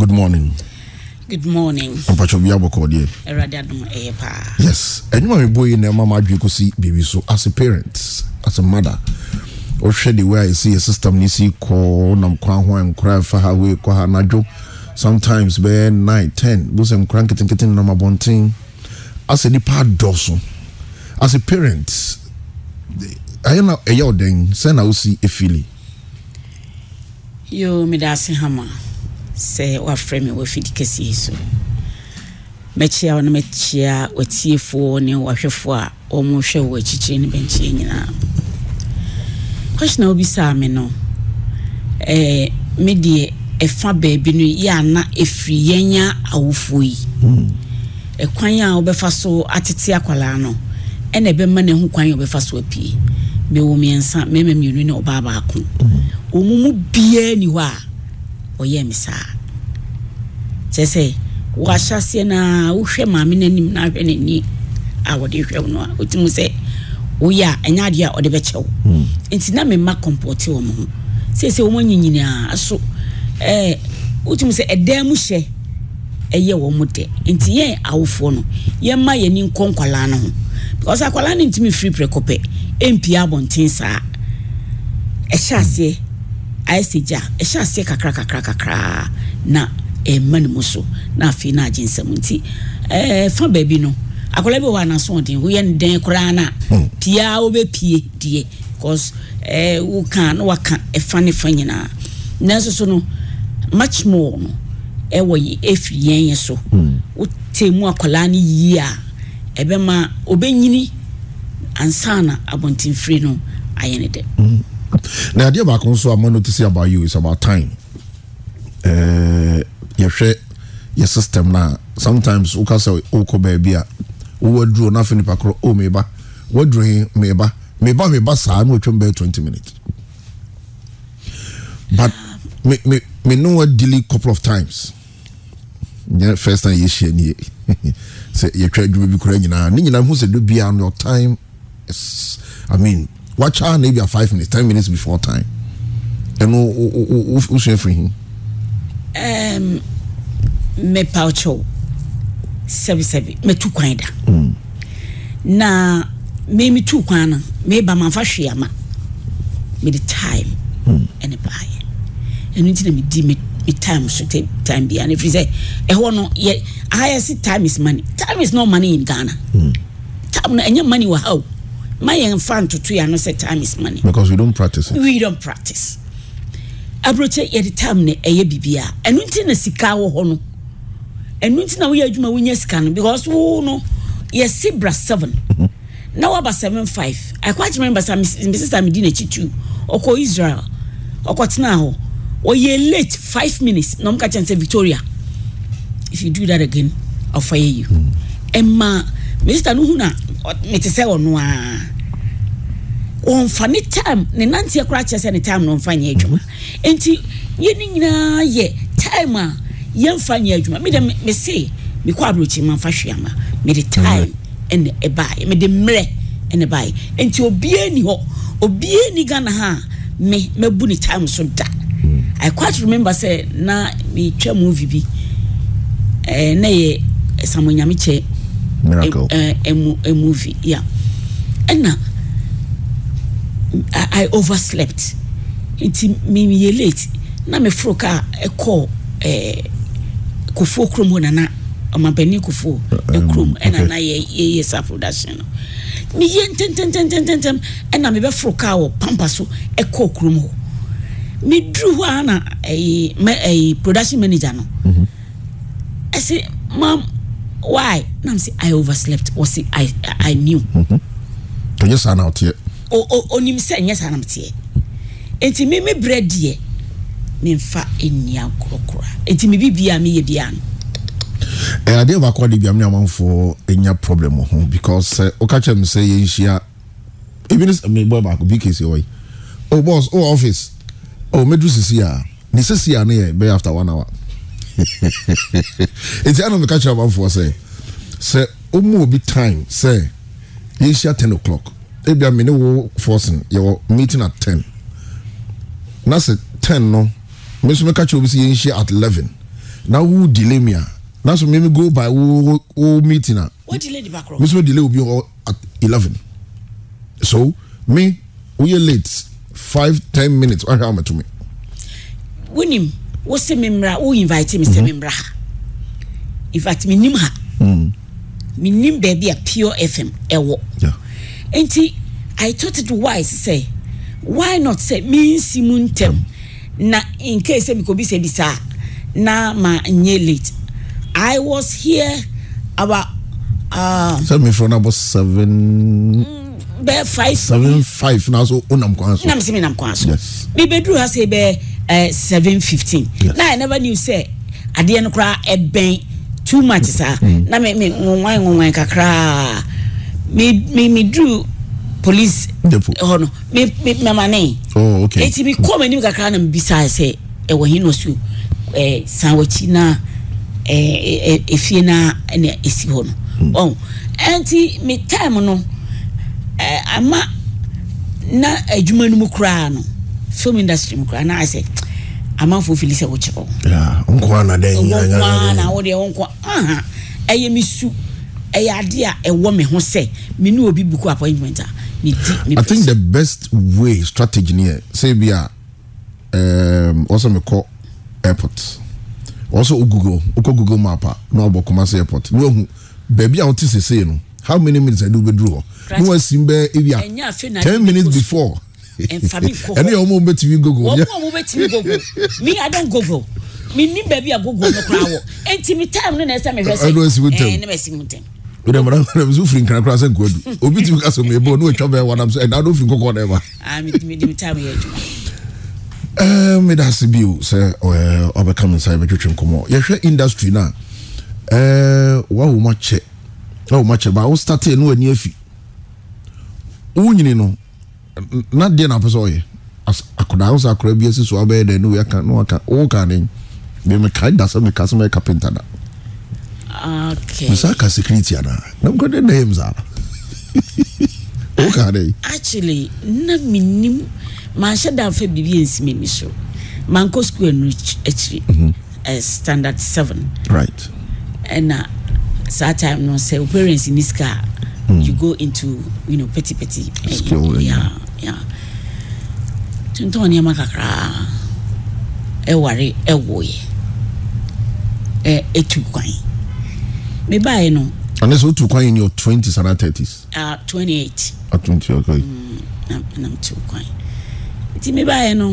good morning. good morning. mpatsɛ obi abɔkɔ deɛ. ɛwurade adum ɛyɛ paa. yes ɛnum a mi bɔ yi na ɛma ma adwi kosi biribi so as a parent as a mother wohwɛ de wei a yɛsi yɛ system no si kɔɔ nam kwan ho a nkora ɛfa ha wei kɔ ha anadwo sometimes bɛyɛ 9 10 bo sɛ nkora nketenkete no nam abɔnten a nnipa adɔso as a parent ɛyɛ na ɛyɛ wo dɛn sɛ na wosi ɛfili yo meda ase hama sɛ wafrɛ me wafidi kɛseɛ so mɛkyia wo na mɛkyia watiefoɔ ne wahwɛfoɔ a ɔmohwɛ wɔ akyikyiri ne bɛnkyiɛ nyinaa kwɛhyina wobisaa me no eh, medeɛ ɛfa baabi no yɛ ana ɛfiri yɛnya awofoɔ yi hmm. ɛkwan mm. e, a wobɛfa so atete akwalaa no ɛna ɛbɛma ne ho kwan a wobɛfa so apue mewɔ mmiɛnsa mmarima mmienu ne ɔbaa baako hmm. ɔmo mu biaa ni hɔ a ɔyɛ me saa kyɛ sɛ wahyɛ aseɛ na wohwɛ maame n'anim na ahwɛ n'ani a wɔde hwɛ wo no a wotum sɛ woyɛ a ɛnyɛ adeɛ a ɔde bɛkyɛ wo hmm. nti na mema kɔmpɔte wɔ mo ho seesei wɔn anyi nyinaa so ɛɛ wotum sɛ ɛdan mu hyɛ ɛyɛ wɔn mo dɛ nti yɛn awofoɔ no yɛn mma yɛn ni nkɔ nkwalaa no ho because akwalaa no ntumi firi prɛko pɛ abɔnten saa ɛhyɛ aseɛ ayɛ sɛ gya ɛhyɛ aseɛ kakra kakra kakra na ɛma hmm. ne mu so na afei no agye nsɛm nti ɛɛ fa baabi no akwadaa bi wɔ anaso ɔden woyɛ ne dɛn koraa na pia wobɛpie deɛ because ɛɛ woka na waka ɛfa ne fa nyinaa nanso so no much more no ɛwɔ efi yɛn yɛ so wote hmm. mu akwadaa no yie a ɛbɛma obɛnyini ansana abɔntenfiri no ayɛ ne dɛ. Hmm. na adeɛ baako nso a mo notice about you is about time. Uh, yɛhwɛ yɛ system na sometimes woka sɛ wokɔ baabi a wowɔ duro na afei nipa korɔ o meba wɔduro he meba meba meba saa na wɔtwam bɛyɛ 20 minutes but me me me no wa dili couple of times nyɛ first time yɛhyia nie sɛ yɛtwa adwuma bi koraa nyinaa ne nyinaa ho sɛ do biara no your time is i mean wakyɛ a na ebi a five minutes ten minutes before time ɛno wosua firi hi mepa ɔkyɛw sɛbisɛbi metu kwan da mm. na memi tu kwan no meba mamfa hwee ama mede time ɛne mm. baayɛ ɛno nti na medi me time so time bia no ɛfiri sɛ ɛhɔ no yɛ ayɛ se time is money time is no money in ghana mm. time no ɛnyɛ money wɔ ha o ma yɛn fa ntoto ano sɛ time is money because we don't practice it. we don't practice aburokye yɛde time no ɛyɛ bibia ɛno nti na sika wɔ hɔ no ɛnu ti na woyɛ adwuma wonya sika no because wo no yɛsi bra seven mhm. na waba seven five akwakyerɛ remember sa mi sista mi di n'akyi two ɔkɔ israel ɔkɔ tena hɔ ɔyɛ late five minutes na ɔmo ka kyɛn sɛ victoria if you do that again i'll fire you mm. ɛma mi sista no hu na mi ti sɛ ɔno aa ɔnfa ne time ne nanteɛ koraa kyerɛ sɛ ne time na ɔnfa nyɛ adwuma mm-hmm. nti yɛn ne nyinaa yɛ time a. yɛmfa nyɛ adwuma mede mese mekɔ aburokyi ma mfa hwe ama mede time ɛne ɛbaeɛ mede mmerɛ ɛne baeɛ nti obiara ni hɔ obiara ni ghana ha a me mɛbu ne time so da hmm. i quite remember sɛ na metwa movie bi ɛɛ na yɛ samonyame kyɛ ɛɛ movie ya ɛna i, I overslept nti mi yɛ late na me foro kaa ɛkɔɔ ɛɛ kofuo kurom hɔ nana ɔmampanin kofuo uh, um, kurom ɛna na yɛ yɛyɛ sa production no meyɛ ntɛntɛntɛntɛntɛm ɛna mebɛforo kaa wɔ pampa so ɛkɔɔ kurom hɔ meduru hɔ a na ɛyi mɛ ɛyi production manager no mhm. ɛsɛ mam why Nam m i overslept wɔsi i i knew. tɔnyɛ mhm. saa na ɔteɛ. o o onim sɛ nyɛ saa na ɔteɛ nti mi mi brɛ deɛ memfa nni agorɔkorɔ nti me bibia meyɛ bia no adeɛ baakɔ de bia me amanfoɔ ɛnya problem ho because sɛ woka kyerɛ me sɛ yɛnhyia ebi ne mebɔ baako bi kɛsi wɔyi oh boss o oh, office o oh, medu sisi a ne sisi a ne yɛ bɛyɛ after one hour nti ana meka kyerɛ amanfoɔ sɛ sɛ ɔmu obi time sɛ yɛnhyia ten o'clock ebi a me ne wo forcing yɛwɔ meeting at ten na sɛ ten no me nso meka kyerɛ obi sɛ yɛnhyia at eleven. na wo delay me a na so meme go by wo wo meeting a me nso delay obi hɔ at eleven. so me woyɛ late five ten minutes wahwɛ a to me wonim wo se memmra wo invite me sɛ memmra mhm. ha infact nim ha menim mm. baabi a pure fm ɛwɔ yeah. nti i thought it wise sɛ why not sɛ mensi mu ntɛm mm na in case sɛ bikobi sɛ bisa na ma nye late i was here about. Uh, sɛ mi fɔ n'abɔ seven. Mm, bɛɛ five. seven five n'a so o nam kwan so. nam se mi nam kwan so. yes. mi bɛ duru ha se bɛ eh, seven fifteen. yes na i never knew sɛ adeɛ no koraa ɛbɛn e too much saa. Mm. na mi mi nwanwan nwanwan kakraa mi mi mi duru police hɔ no me me mɛmane. Oh, m'anim kakra na mi bisa sɛ ɛwɔ hin na so ɛɛ san wɔkyi na ɛɛ efie na ɛna esi hɔ no hmm. ɔn ɛnti mi time no ama na adwuma no mu koraa no film industry mu koraa na ayɛ sɛ amanfo fili sɛ wɔkyerɛ wɔn. nkwa na dɛ nyanya nyanya nkwa na wɔde nkwa ɛyɛ mi su ɛyɛ adeɛ a ɛwɔ mi ho sɛ mi ni obi buku appointment a. I think the best way strategy near um, say we are um, also me call airport also Google uko Google map na obo Kumasi airport we hu baby a wote sese no how many minutes I do be draw no one sim be area 10 minutes before ɛne ɔmo bɛtumi google ɔmo bɛtumi google me i don google me ni baabi a google no koraa wɔ ɛnti mi time no na ɛsɛ mehwɛ sɛ ɛɛ ne ma si mu ntɛm wíwọ́n mọ̀nà mọ̀nà mi sọ firi nkran kura sẹ́ nkọ́ du obi ti mi ka sọ mi ebọ ní òtwa bẹ́ẹ̀ wà nàm sọ ẹ̀dá ló fi nkọ́kọ́ dẹ́ ma. ẹẹ ah, mi eh, da se bi o sẹ ẹ eh, ọbẹ kan mi ẹbẹ e twitwi nkọmọ yẹhwẹ industry náà ɛɛ eh, wa wo ma kyɛ wa wo ma kyɛ ba wo started no ani afi wo nyini no na deɛ na apɛsɛ ɔyɛ akwadaa wosa akwadaa bi esi so abɛyɛ dɛ no yɛ ka no waka wo ka ne bi mi ka da sɛ mi ka sɛ okay masa ka security ana na mko de names ana o ka de actually na minim ma hye da fa bibi ensi me so ma nko school no achi mhm. eh, standard seven. right eh, and uh, saa time no sɛ parents ni sika mm. you go into you know, petty petty skill eh, yeah, yeah. tontɔn nneɛma kakraa ɛware eh, ɛwoyɛ ɛ ɛtu kwan me bae no. ɔne sɛ wotu kwan in your twenties ana thirties. ah twenty eight. ah twenty okay. Mm, na na m tu kwan nti me bae no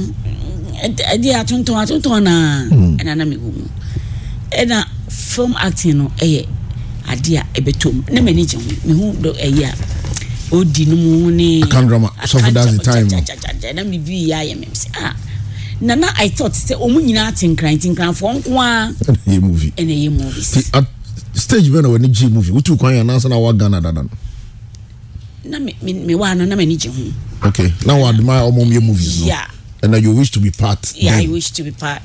ɛdi atontɔn atontɔn na ɛna na mi wɔ mu ɛna film acting no ɛyɛ ade a ɛbɛtɔ mu ne ma ni gye ho mehu dɔ ɛyɛ a di no mu drama. akandrama sɔfo the time no na mi bi ya ayɛ mɛm sɛ ah nana i thought Say ɔmu nyinaa ti nkran ti nkran fɔ nko a ɛna ɛyɛ movie ɛna ɛyɛ movies stage bɛ na w'ani gye movie wotu kwan yɛn anasa na wa ghana dada no. na mi mi wa ano na mi ani gye ho. okay na wa adumaya ɔmo mi yɛ movies no. yeah and na you wish to be part. yeah then. i wish to be part.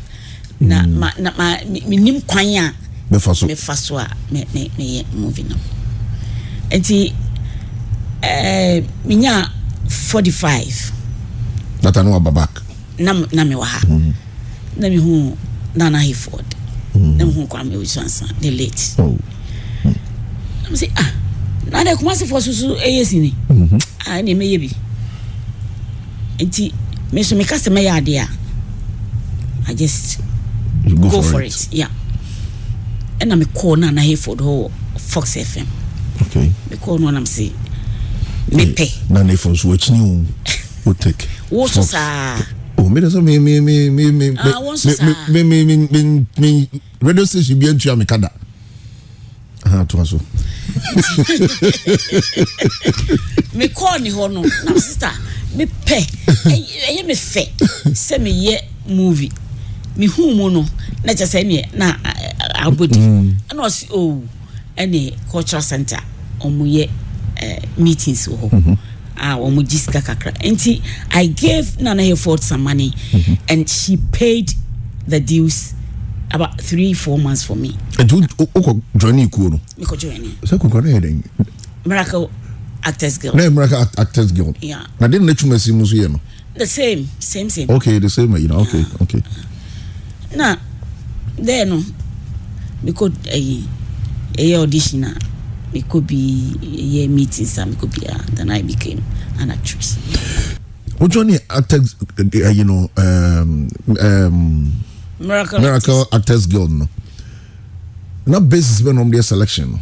na mm. ma na ma mi nim kwan a. mefa so mefa so a me me me yɛ movie no nti ɛɛ eh, mi nya forty five. data no wa ba back. na na mi wa ha. Mm. na mi hu nana hayford ɛhu mm. kwame osansan the late nam oh. mm. sɛ ah na de kumasefoɔ soso ɛyɛ eh, sini mm-hmm. ah ɛna ɛmɛyɛ bi nti meso meka sɛ mɛyɛ adeɛ a i just go, go for, for it, it. yeah ɛna mekɔɔ no anaheford hɔ wɔ fox fm okay. mekɔɔ no nam sɛ mepɛ nanefo nso wakyini wo wotek wo so saa o mi de sɛ mi mi mi mi mi mi mi mi mi mi mi radio station bi etua mi kada aha to so. mi kɔɔ ni hɔ eh, eh, no na sista mi pɛ ɛyɛ mi fɛ sɛ mi yɛ movie mi hu mu no na kyɛ sɛ na abodi ɛna ɔsi o ɛne cultural center ɔmo yɛ ɛɛ eh, meetings wɔ hɔ a wɔn gye sika kakra nti i gave nana hayford some money mm -hmm. and she paid the dues about three four months for me. nti o kɔ jɔn ni ikuo no. mi kɔ jɔn ni. sɛ kɔkɔ ne yɛ dɛ. miracle actors guild. ne ye miracle actors guild. Yeah. na den ne tuma si muso yɛ no. the same same same. okay the same you know okay yeah. okay. na there no mi kɔ ɛyi ɛyɛ audition na. Ah, it could be a year meeting some it could be uh, then i became an actress what journey actors uh, you know um um miracle, miracle actors guild no not basis been on their selection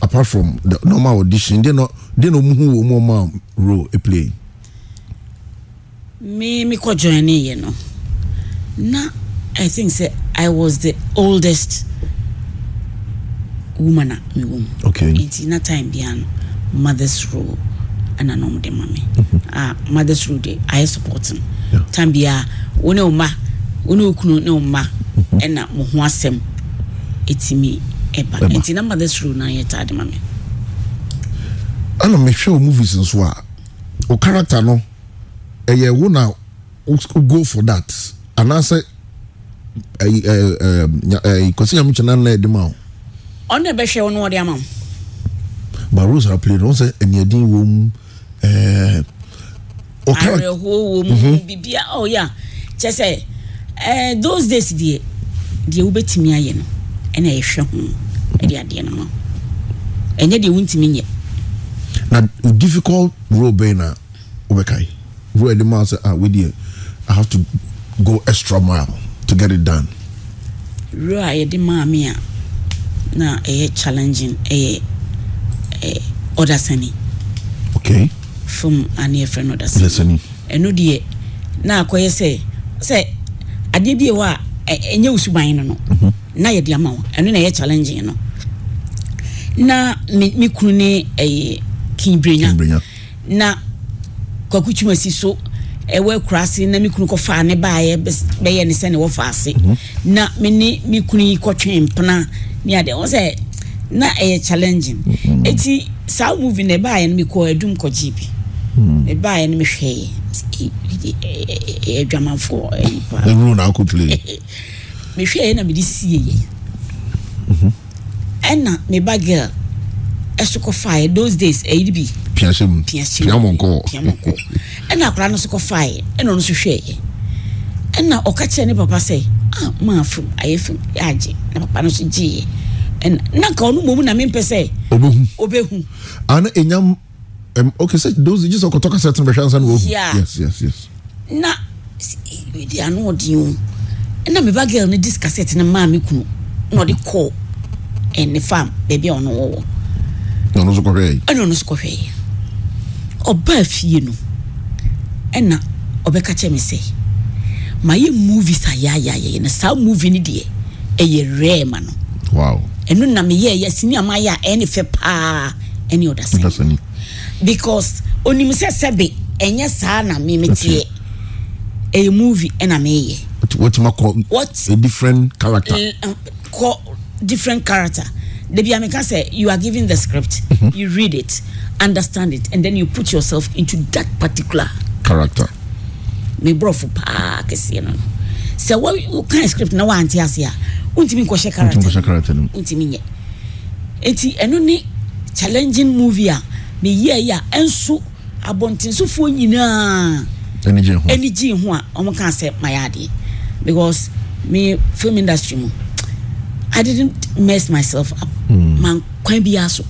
apart from the normal audition they not they know who more role a play me me ko journey you know now i think say i was the oldest woman uh, a mewɔ mu okay. nti na time bia no mothers role ɛna na ɔmde ma me a mothers role de ayɛ supporting. no yeah. time bia wo ne wo ma wo ne wo kunu ne wo ma ɛna mo ho asɛm ɛtumi ɛba nti na mothers role na ayɛ taa de ma me ɛna mehwɛ o movies nso a wo character no ɛyɛ wo na go for that anaasɛ ɛyi ɛɛ ɛɛ kwasi nyamukyɛn nan na ɛdi ma o ɔno na ɛbɛhwɛ wɔn wɔde ama mo. but rules are played wọn sɛ ɛniɛdin wɔ mu ɛɛ eh, ɔka awerɛhoɔ wɔ mu mm-hmm. biribi a ɔyɛ kyɛ sɛ ɛɛ those days deɛ deɛ wobɛtumi ayɛ no ɛna ɛhwɛ ho ɛde adeɛ no ma ɛnyɛ deɛ wontumi nyɛ. na difficult role bɛyɛ na wobɛka yi role ɛde maa sɛ ah wei i have to go extra mile to get it done. role a yɛde maa mi a na ɛyɛ challenging ɛyɛ ɛ ɔdasani. okay. fom ani efra no ɔdasani. ɔdasani. ɛnu deɛ na akɔyɛ sɛ sɛ adeɛ bi wɔ a ɛnyɛ osuban no no mhm. na yɛde ama wɔn ɛnu na ɛyɛ challenging no na mi mi kunu ne ɛyɛ kinbrenya na kwaku twuma si so ɛwɔ akuraase na mi kunu kɔfa ne baayɛ bɛyɛ ne sɛ ne wɔfa ase mhm. na mi ne mi kunu yi kɔtwe mpena ne adeɛ wɔn sɛ na ɛyɛ eh, challenging mm-hmm. eti saa movie na ɛbaayɛ no mi kɔ ɛdum mm. kɔ gye bi ɛbaayɛ no mi hwɛ yɛ ɛdwamanfoɔ ɛyi pa ɛwuro na akɔ play mi hwɛ yɛ na mi de sie yɛ mm-hmm. ɛna mi ba girl ɛso kɔ fa yɛ those days ɛyi bi piasɛm piamɔnkɔ piamɔnkɔ ɛna akɔla no so kɔ fa yɛ ɛna ɔno so hwɛ yɛ ɛna ɔka kyerɛ ne papa sɛ a ah, maa fom ayɛ fom yɛ agye na papa no so gyeeɛ ɛna na nka ɔno mmom na mempɛ sɛ obɛhu obɛhu ana ɛnyam um, okay sɛ those gye sɛ ɔkɔtɔ kasɛ tene bɛhwɛ ansa no wɔhu yes yes yes na mede ano ɔden o ɛna meba girl no dis kasɛt no maa me kunu na ɔde kɔɔ ɛne eh, farm baabi a ɔno wɔwɔ na ɔno so kɔhwɛɛ ɛna ɔno so kɔhwɛɛ ɔbaa fie no ɛna ɔbɛka ma yɛ movies ayayayɛ na saa movie ni deɛ ɛyɛ rare ma no wow ɛno na meyɛ yɛ sini ama yɛ a ɛne fɛ paa ɛne ɔdasani because onim sɛ sɛbe ɛnyɛ saa na mi memeteɛ ɛyɛ movie ɛna meyɛ ma kɔ what a different character um, kɔ different character debi amika sɛ you are given the script mhm. you read it understand it and then you put yourself into that particular character me borɔfo paa kɛseɛ no sɛ wokan script na woante ase a wontumi nkɔhyɛ character wontumi nyɛ nti ɛno ne challenging movie a meyɛɛ yi a ɛnso abɔntensofoɔ nyinaa ɛni gye ho a wɔn kan sɛ mayɛ because me film industry mu i didn't mess myself up mm. man kwan bi aso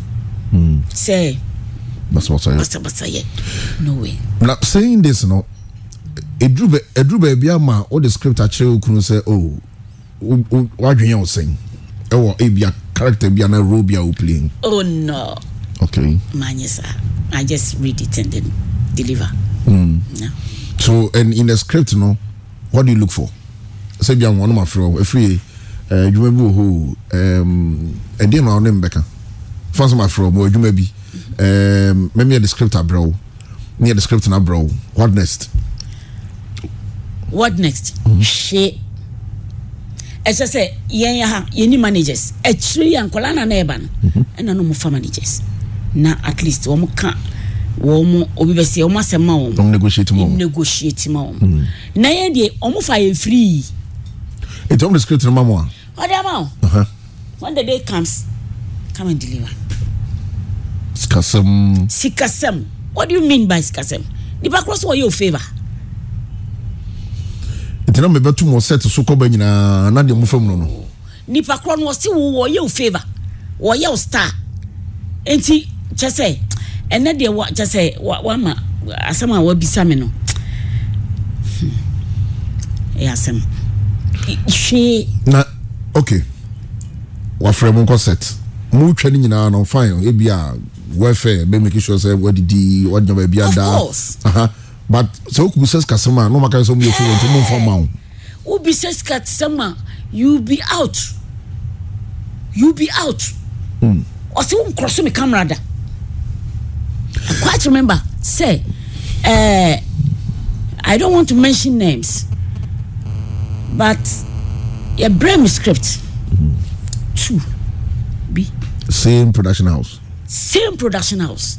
mm. sɛ basabasa yɛ no way. na saying this no eduru eduru baabi ama o de script akyerɛ o kunu sɛ oh, o o wadwenya o sɛn ɛwɔ ebia eh, character bi ana role bi a o playing. oh no. okay. maa nye sa i just read it and then deliver. Mm. Yeah. so and in the script no what do you look for sẹbi àwọn ọmọ afro efiri edwuma eh, bi wò hó ẹdín ehm, ẹnu àwọn ọmọ mbẹka fọnsọ ma afro mo edwuma bi mẹmi yẹ the script abrẹwo mi yẹ the script na abrẹwo what next what next hwee ɛkyɛ sɛ yɛn yɛ ha yɛni managers akyire yɛ nkɔla na na ɛba no ɛna no mofa managers na at least wɔn ka wɔn obi bɛ sɛ wɔn asɛm ma wɔn wɔn negotiate ma wɔn negotiate ma wɔn mm-hmm. na yɛn deɛ wɔn fa yɛ free. ètò wɔn de script no ma mu a. ɔdi ama o when the day comes come and deliver. sikasɛm. sikasɛm what do you mean by sikasɛm nipa kura sɛ wɔyɛ favour nti na mebɛtu mu ɔsɛte so kɔba nyinaa na deɛ mo fam no no nipa korɔ no ɔsi wo wɔyɛ wo favour wɔyɛ wo star nti kyɛ sɛ ɛnɛ deɛ wa kyɛ sɛ wa wama asɛm a wabisa mi no ɛyɛ asɛm hwee. na okay wafrɛ mu nkɔ set mo twa ni nyinaa no fine ebi a welfare bɛ make sure sɛ wadidi wadina baabi ada of course. Uh -huh but sɛ wokum sɛ sika sɛm a na ɔmaka sɛ muyɛ fowɔ nti momfa ma wo wobi sɛ sika sɛm a you be out you be out hmm. ɔsɛ wo nkorɔ so me camera da quite remember sɛ uh, i don't want to mention names but yɛbrɛ me script two bi same production house same production house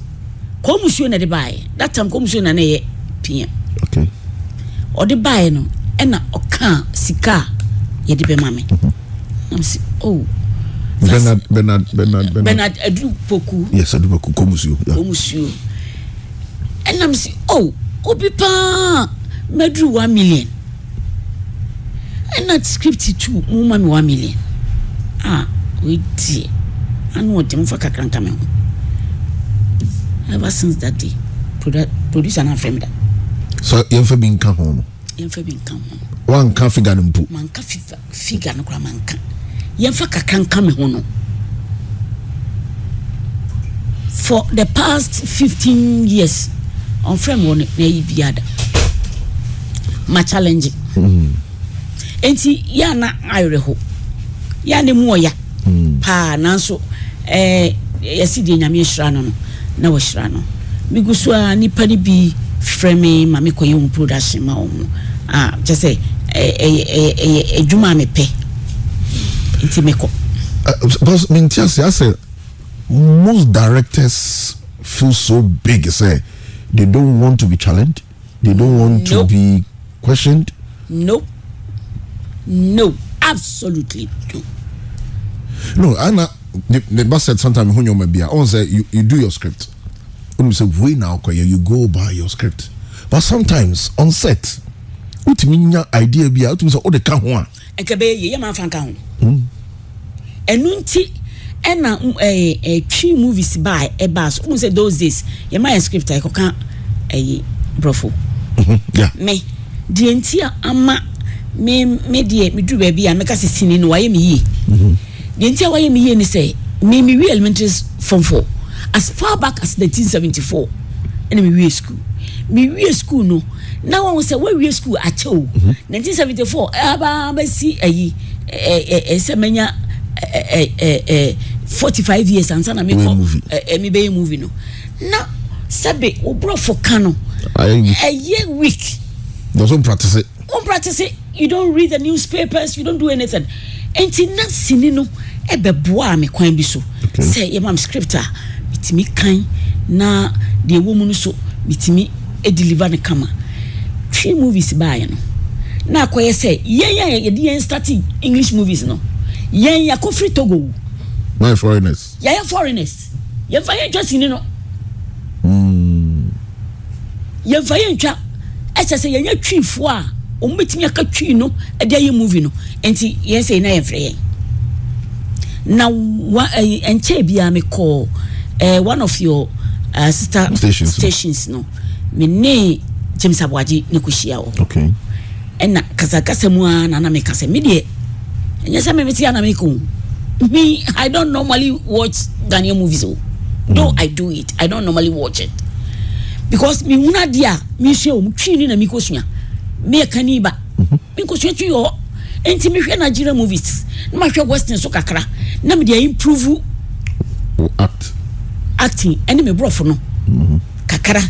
kɔmusuo na de baayɛ that time kɔmusuo na ne yɛ pm ɔde baeɛ no ɛna ɔka sika a yɛde bɛma me mhm. nam si oh bernard bernard adu poku yes adu poku kɔmusuo kɔmusuo ɛnam si oh obi paa mɛduru one million ɛna script two mu ma mi one million a oye die anu ɔdi mu fa kakra nka ho ever since that day producer na fɛn mi da so yɛmfa bi nka ho no yɛmfa bi nka ho wanka figa no mpo manka figa figa no kora manka yɛmfa kakra nka me ho no for the past 15 years ɔnfrɛ mi wɔ ne n'ayi bi ada ma challenge hmm. nti yana awerɛho yana mu ɔya hmm. paa nanso ɛɛ yɛsi deɛ nyame ahyira no no na wɔahyira no migu a nipa no bi frɛ me ma mekɔyɛ wo production ma wo mu a ah, kyɛ sɛ ɛyɛ adwuma a mepɛ nti mekɔ uh, uh, but menti ase asɛ most directors feel so big say they don't want to be challenged they don't want nope. to be questioned no no absolutely no no anna the, the boss said sometime who you on oh, say you, you do your script when we say we now you go by your script but sometimes on set wotumi nya idea bi a wotumi sɛ wode ka ho a ɛka bɛyɛ yie yɛma afa nka ho ɛno nti ɛna eh, eh, twi movies baa ɛbaa so wohu sɛ those days yɛma yɛ script a ɛkɔka ɛyi borɔfo me deɛ nti a ama me me deɛ meduru baabi a mɛka sɛ sini no wayɛ me yie mm-hmm. deɛ nti a wayɛ me yie ne sɛ me mewi elementary form four as far back as 1974 ɛna mewie school mewie school no na wɔn sɛ wɔawie school akyɛ 1974, 1974 ɛbaa bɛsi ɛyi ɛɛ ɛsɛ mɛnya ɛɛ ɛɛ forty five years ansa na mi kɔ ɛɛ mi bɛyɛ movie no na sɛbi oburɔfo kan no ɛyɛ week. dɔsɔ n practice. n practice you don read the newspapers you don do anything nti na sini no ɛbɛ boa mi kwan bi so sɛ yɛ ma mi script a. Mitimi kan na deɛ ɛwɔ mu no so metumi deliver ne kama three movies baeɛ no na akɔyɛ sɛ yɛn a yɛde yɛn start english movies no yɛn free togo my foreigners yɛyɛ foreigners yɛmfa yɛn ntwa sini no hmm. yɛmfa yɛn ntwa ɛkyɛ sɛ yɛnyɛ twiifoɔ a wɔn bɛtumi aka twii no ɛde ayɛ movie no nti yɛn sɛ yɛn na yɛmfrɛ yɛn na wa ɛɛ nkyɛn biara mi kɔɔ. uh, one of your uh, sister stations, stations no me ne James abuaji ne kuhyia wo okay. ɛna kasa mu a na na mekasa me die enya ɛnyɛ me me tia na me me i don't normally watch Ghanaian movies no oh. mm. i do it i don't normally watch it because me una dia me wɔ wo twi ni na me me meyɛka ne ba mm-hmm. me mekɔsua twi wɔ hɔ nti mehwɛ nigeria movies na ma hwe western so kakra na me dia improve acting ɛne me borɔfo no mm-hmm. kakra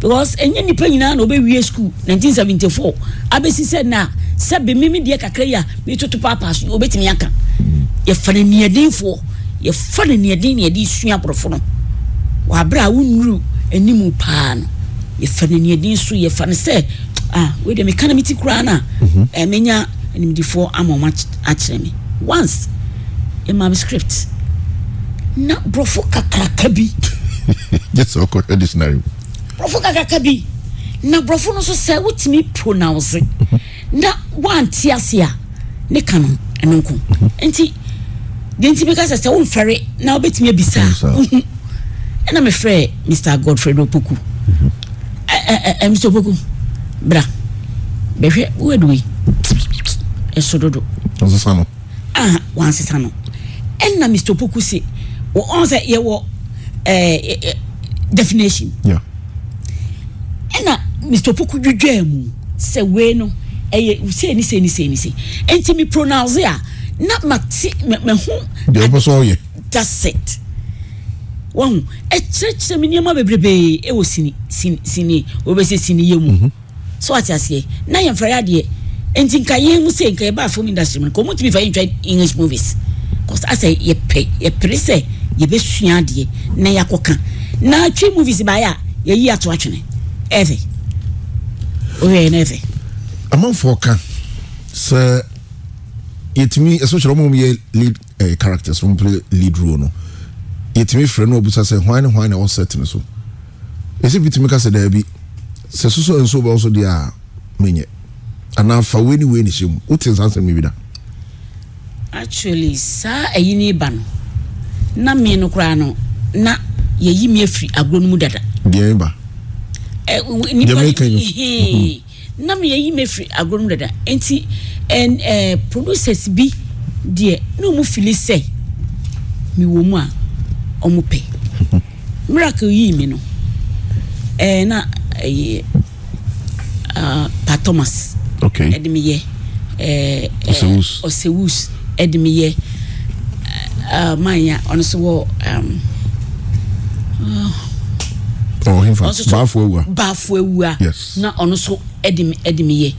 because ɛnyɛ nipa nyinaa na ɔbɛwie school 1974 abɛsi sɛ na sɛ bɛmi mi deɛ kakra yi a metoto paapaa so ɔbɛtumi aka yɛfa no nniadenfoɔ yɛfa no nniaden na yɛde sua borɔfo no wɔaberɛ a wonnuru anim paa no yɛfa no nniaden so yɛfa no sɛ ah wei deɛ meka na meti mm-hmm. eh, koraa no a ɛmenya animdifoɔ ama ɔma akyerɛ me once ɛma me script na borɔfo kakraka bi yes ɔkɔhwɛ dictionary borɔfo kakraka bi na borɔfo no nso sɛ wotumi pronounce mhm. na woante ase a ne ka no ɛno nko mhm. nti deɛ nti meka sɛ sɛ womfɛre na wobɛtumi abisa mhm. ɛna mefrɛ mr godfrey no poku mr poku bra bɛhwɛ woaduwei ɛso dodo wansesa no wansesa no ɛna mr poku se ɔn sɛ yɛwɔ ɛɛ definition ɛna mr poku dwedwaa mu sɛ wei no ɛyɛ sei ni se ni se ni se. nti mi pronounce a na ma ti ma ma ho. deɛ ɔpɛ sɛ ɔyɛ. that's it wɔn ɛkyerɛkyerɛ mi nneɛma bebrebee ɛwɔ sini sini sini wɔbɛsɛ sini yɛ mu mhm. so ate aseɛ na yɛn fɛrɛ adeɛ nti nka yɛn mu se nka yɛ ba film industry mu no kò mu ti mi fa yɛn twɛ english movies cause asɛ yɛ pɛ yɛ pere sɛ yɛbɛsua adeɛ na yɛakɔka na twe movies baeɛ a yɛyi ato atwene ɛfɛ woyɛɛ no ɛfɛ amanfoɔ ka sɛ yɛtumi especially ɔmom yɛ lead eh, characters ɔm play lead role no yɛtumi frɛ no ɔbusa sɛ hwan ne hwan na ɛwɔ set no so ɛsɛ bi ka sɛ daabi sɛ soso nso bɛwɔ so deɛ a menyɛ anaa fa wei ne wei ne hyɛ mu wote nsa nsɛm bi da actually saa ayi ne ba no na mmea no koraa no na yɛyi mmea firi agorɔ no mu dada deɛ ba nipa mm-hmm. na mi yɛyi mi firi agorɔ mu dada nti ɛn ɛɛ producers bi deɛ na wɔn fili sɛ mi wɔ mu a wɔn pɛ miracle yi mi no ɛɛ na ɛyɛ aa pa thomas ɛde mi yɛ ɛɛ ɛɛ ɔsewus ɛde mi yɛ uh, manya ɔno um, oh, so wɔ um, ɔhemfa baafo awua na ɔno so ɛde me yɛ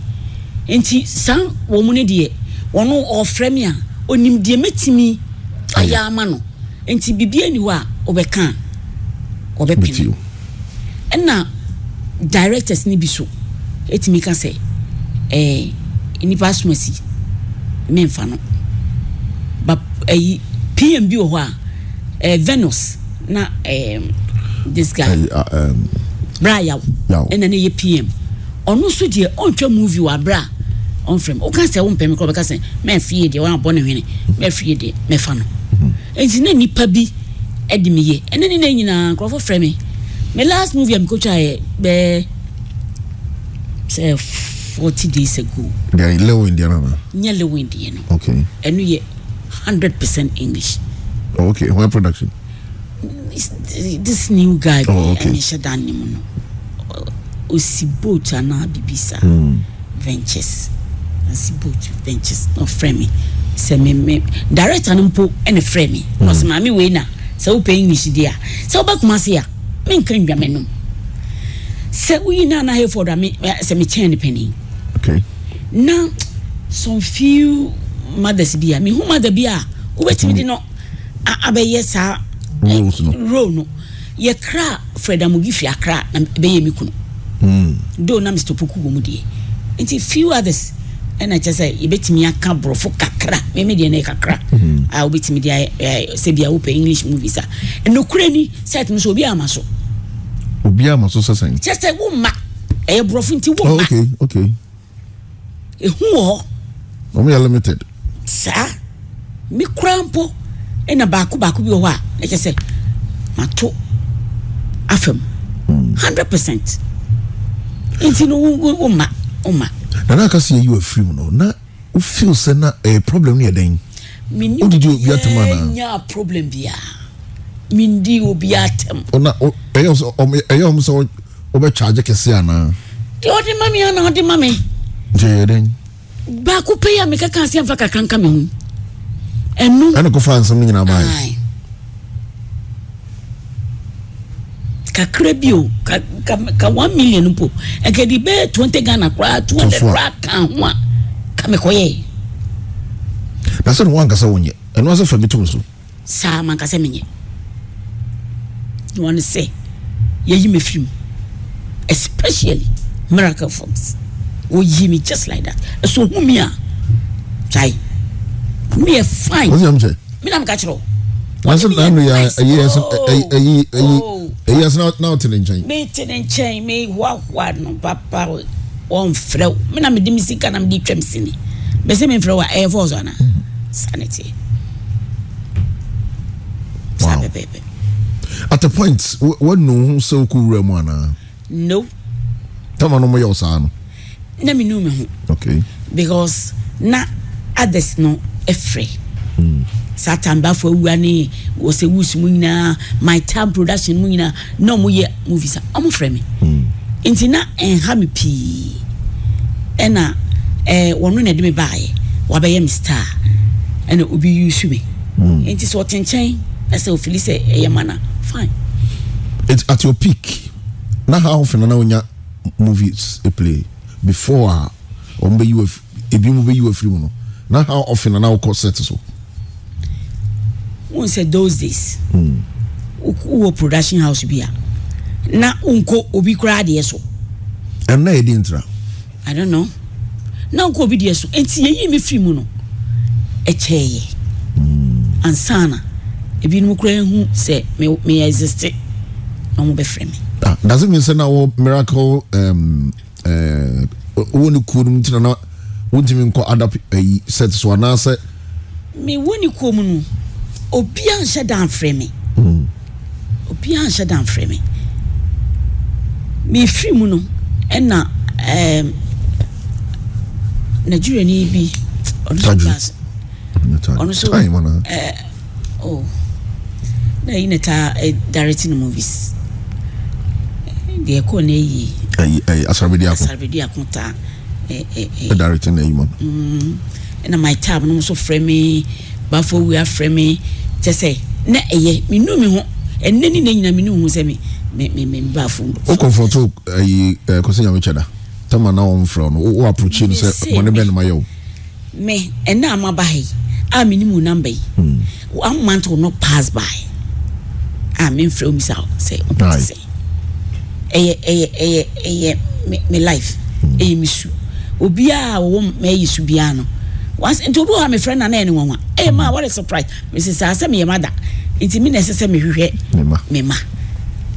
nti saa wɔ mu no deɛ ɔno ɔfrɛ me a ɔnim deɛ mɛtumi ayɛ ama no nti biribi ani hɔ a ɔbɛka a ɛna directors ni bi so ɛtumi ka sɛ eh, nnipa asomasi memfa no ɛyi pm bi wɔ hɔ a eh, venus na eh, this guy hey, uh, um, brayaw ɛna ne yɛ pm ɔno nso deɛ ɔntwa movie wɔ abra ɔnfrɛm ɔka sɛ wɔn mpɛmɛ kɔ ɔbɛka sɛ mɛfie deɛ wɔn abɔ ne hwene mɛfie deɛ mɛfa no mhm. nti na nipa bi ɛdi mi yɛ ɛna ne na nyinaa nkorɔfo frɛ Me mɛ last movie a mi bɛɛ sɛ forty days ago. deɛ lewo indiana na. n lewo indiana. okay ɛnu yɛ hundred percent English. Oh, okay, what production? It's, this new guy, oh, okay. Anisha Osibot and Bibisa mm. Ventures. Osibot Ventures, no Fremi. Sɛ me me director no mpo ɛna frɛ me. Ɔsɛ maame So na sɛ English di So back wobɛ Kumasi a menka ndwa m'anom. Sɛ woyi na anahɛ fɔdɔ a me sɛ mekyɛn ne panin. Okay. Now, some few mothers bi a mehu mother bi a wobɛtumi de no abɛyɛ saa eh, role no yɛkra fred amogi fi akra na bɛyɛ me kunu do hmm. na mr poku wɔ mu deɛ nti few others ɛna kyɛ sɛ yɛbɛtumi aka borɔfo kakra mɛmɛ deɛ no yɛ kakra hmm. a wobɛtumi de sɛ bia wopɛ english movies a nokorɛ ni sɛ ɛtum sɛ obi ama so obi ama so sɛsɛn kyɛ sɛ woma ɛyɛ borɔfo nti woma oh, ehu wɔ hɔ wɔn yɛ limited saa me koraa mpo ɛna baako baako bi wɔ hɔ a ɛkyɛ sɛ mato afam hmm. hundred percent nti no wo ma wo ma. nana aka sɛ yɛyi wa firi mu no na wo feel sɛ na ɛyɛ problem no yɛ dɛn wodidi obi atɛm anaanya problem biaa mendi obi atɛm ɛyɛ ɔm sɛ wobɛkyaagye kɛse anaa deɛ ɔde ma me anaa ɔde ma me nti yɛ dɛn baako pɛ yi a meka kan se amfa kakra nka me ho ɛno ɛne kɔfa nsɛm no nyinaa kakra bio ka, ka, ka one million mpo ɛkɛde bɛɛ twenty ghana koraa two hundred koraa ka ho a ka mekɔyɛ na sɛ ne woankasa wonyɛ ɛno asɛ fa bi tom so saa mankasɛ menyɛ na ɔne sɛ yɛyi me especially miracle forms woyi mi just like that ɛso hu mi a tae mi yɛ fine mi nam ka kyerɛ o nanso nanu ya eyi ɛsɛ eyi eyi eyi ɛsɛ n'aw ti ne nkyɛn. mi ti ne nkyɛn mi huahua no papa wɔn fɛrɛw mi na mi di mi si ka na mi di twɛm si ni mɛ se mi fɛrɛw a ɛyɛ fɔɔsɔ ana sanity saa pɛpɛpɛ. at a point wɔn nu sɛ okun wura mu ana. no. tama na mo yɛ o saa no na mi nu mi ho okay. because na others no ɛfrɛ mm. saa tambafo awua ne wɔsɛ woos mu nyinaa my time production mu nyinaa na ɔmo yɛ movies a ɔmo frɛ mi hmm. nti na ɛnha mi pii ɛna ɛɛ wɔn na ɛde mi baayɛ wabɛyɛ mi star ɛna obi yi su mi mm. nti sɛ ɔte nkyɛn ɛsɛ ofili sɛ ɛyɛ mana fine. It's at your peak na how often na wonya movies play. before a ɔmo bɛyi wa ebi mo bɛyi wa firi mu no na how often na na wokɔ set so. wọn sɛ those days. Mm. wɔ production house bi a na nko obi kura adeɛ so. na yɛ di ntura. i don't know na nko obi deɛ so nti yɛ yi mi firi mu no ɛkyɛ yɛ hmm. ansana ebinom kura ehu sɛ mi mi existe na wɔn bɛ fɛ mi. ah does it mean say na wɔ miracle um, Eh, wo ne kuo no mu ntina na wontumi nkɔ ada ayi eh, set so anaasɛ mewo ne kuo mu no obia nhyɛ da mfrɛ me hmm. obia nhyɛ da mfrɛ me mefiri mu no ɛna um, nigeriani bi ɔno so class hmm, ɔno so ɛɛ o na eh, oh. yi na taa ɛ directing movies deɛ ɛkɔɔ na yie ɛyi ɛyi asarabedi ako asarabedi ako ta ɛ ɛ ɛdari ten na eyi mu ɛna my tab no nso frɛ mi bafo wia frɛ mi kyɛ sɛ na ɛyɛ mi nu mi ho ɛnɛ ni ne nyina mi nu ho sɛ mi mi mi mi bafo. o kɔnfɔto ɛyi ɛ kɔsi nyame kyɛ da tama na wɔn fura no o approach no sɛ wɔn bɛ numayɛ o. mɛ ɛna ama ba yi a mi ni mu namba yi one month will not pass by a mi n fira omi sa sɛ o ti sɛ ɛyɛ ɛyɛ ɛyɛ ɛyɛ me life ɛyɛ hmm. me su obiara a wɔwɔ mɛyi su biara no once nti obi wɔ ha mefrɛ na na yɛ ne nwanwa ɛyɛ maa wɔre surprise mesi saa sɛ meyɛ ma da nti mi na ɛsɛ sɛ mehwehwɛ me ma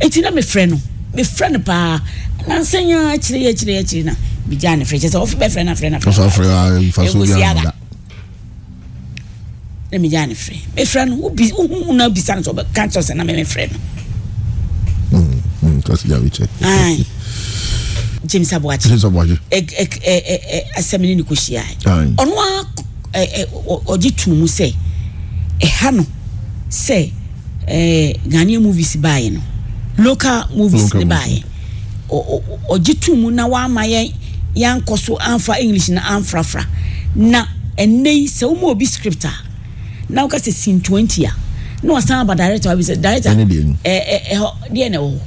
nti na mefrɛ no mefrɛ no paa nansɛn a kyerɛ yɛ kyerɛ yɛ kyerɛ na bi gya ne frɛ kyerɛ sɛ ɔfi bɛfrɛ na frɛ na frɛ na frɛ ɛgosi aga na mi gya ne frɛ mefrɛ no wo bi wo hu na bisa no sɛ ɔbɛka kyerɛ sɛ na mɛmɛ frɛ no kasi ya wiche james abuaji james abuaji asemini ne ne kɔhyia ɔno a ɔgye too mu sɛ ɛha no sɛ ghanaian movies baeɛ no local movies ne baeɛ ɔgye too mu na waama yɛn yɛankɔ so amfa english na amfrafra na ɛnɛ yi sɛ woma obi script a na woka sɛ sin 20 a na wasan aba director abi sɛ director ɛɛ ɛhɔ deɛ na ɛwɔ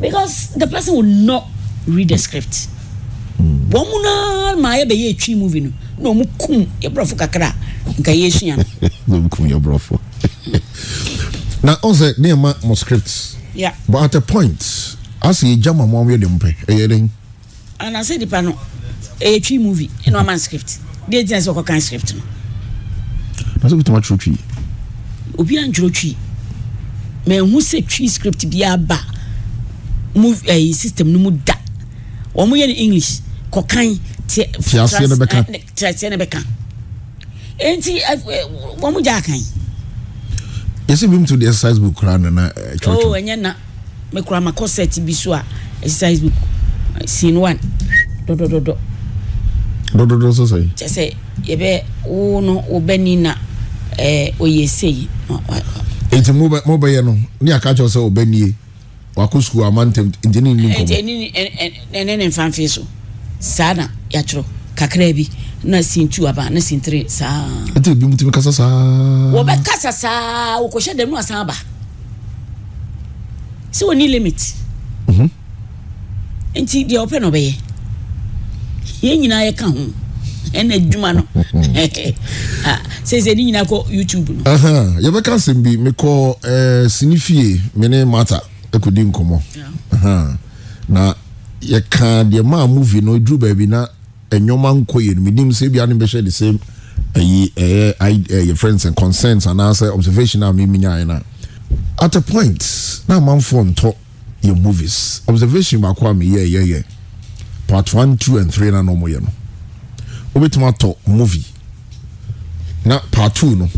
because the person will not read the script wɔn mu naa maa yɛ bɛyɛ etwi movie no na wɔn kum yɛbrɔfo kakra nka yɛ esua no. na wɔn kum yɛbrɔfo na ɔn sɛ ne yɛ ma script. Yeah. but at a point asɛ yɛ gya ma mo awɛ de mpɛ ɛyɛ den. anase nipa no etwi movie ɛna ɔma script deɛ gyina sɛ ɔkɔkan script no. na sɛ bitɔn atwerɛ twi. obi antwerɛ twi mɛ n ho sɛ twi script bi ba. Move eh, ɛyi system no mu da wɔn yɛ no english kɔkan tiɛ tiaseɛ eh, no bɛka tiaseɛ no bɛka eti eh, wɔn mu gya akan. yɛsɛ bi mu to the exercise book koraa nana ɛtwɛtwɛ. o ɛnyɛ na mekura ma kɔsɛt bi so a exercise book scene one dɔdɔdɔdɔ. dɔdɔdɔ so sɛ. kyɛ sɛ yɛbɛ wo no wo bɛ ni na ɛɛ oyè seyi. eti mo bɛ mo bɛ yɛ no ni y'a ka kyɛw sɛ o bɛ nie wakɔ sukuu ama ntɛm nti ne nni nkɔmɔ. ɛnti ɛni ɛnɛ ne nfanfin so saa na yatwerɛ kakra bi na sin tu aba na sin tiri saa. ɛnti ebi mu ti mi kasa saa. wɔbɛ kasa saa wɔkɔhyɛ dɛm na san aba sɛ wɔn ni limit. Mhm. nti deɛ ɔpɛ na ɔbɛyɛ yɛn nyinaa yɛ ka ho ɛna adwuma no mhm. sɛsɛ ah, ne nyinaa kɔ youtube no. yɛbɛka asɛm bi mekɔ eh, sinifie mene mata ɛkɔdi nkɔmmɔ na yɛka deɛ maa movie no ɛduru baabi na ɛnwɔma nkɔ yɛ no menim sɛ bia no bɛhyɛ the same ɛyi ɛyɛ ɛyɛ friends and concerns anaasɛ observation a mimi nyaayɛ na at a point na amanfoɔ ntɔ yɛ movies observation baako a meyɛ yɛ yɛ part one two and three na na wɔn yɛ no wobɛtumi atɔ movie na part two no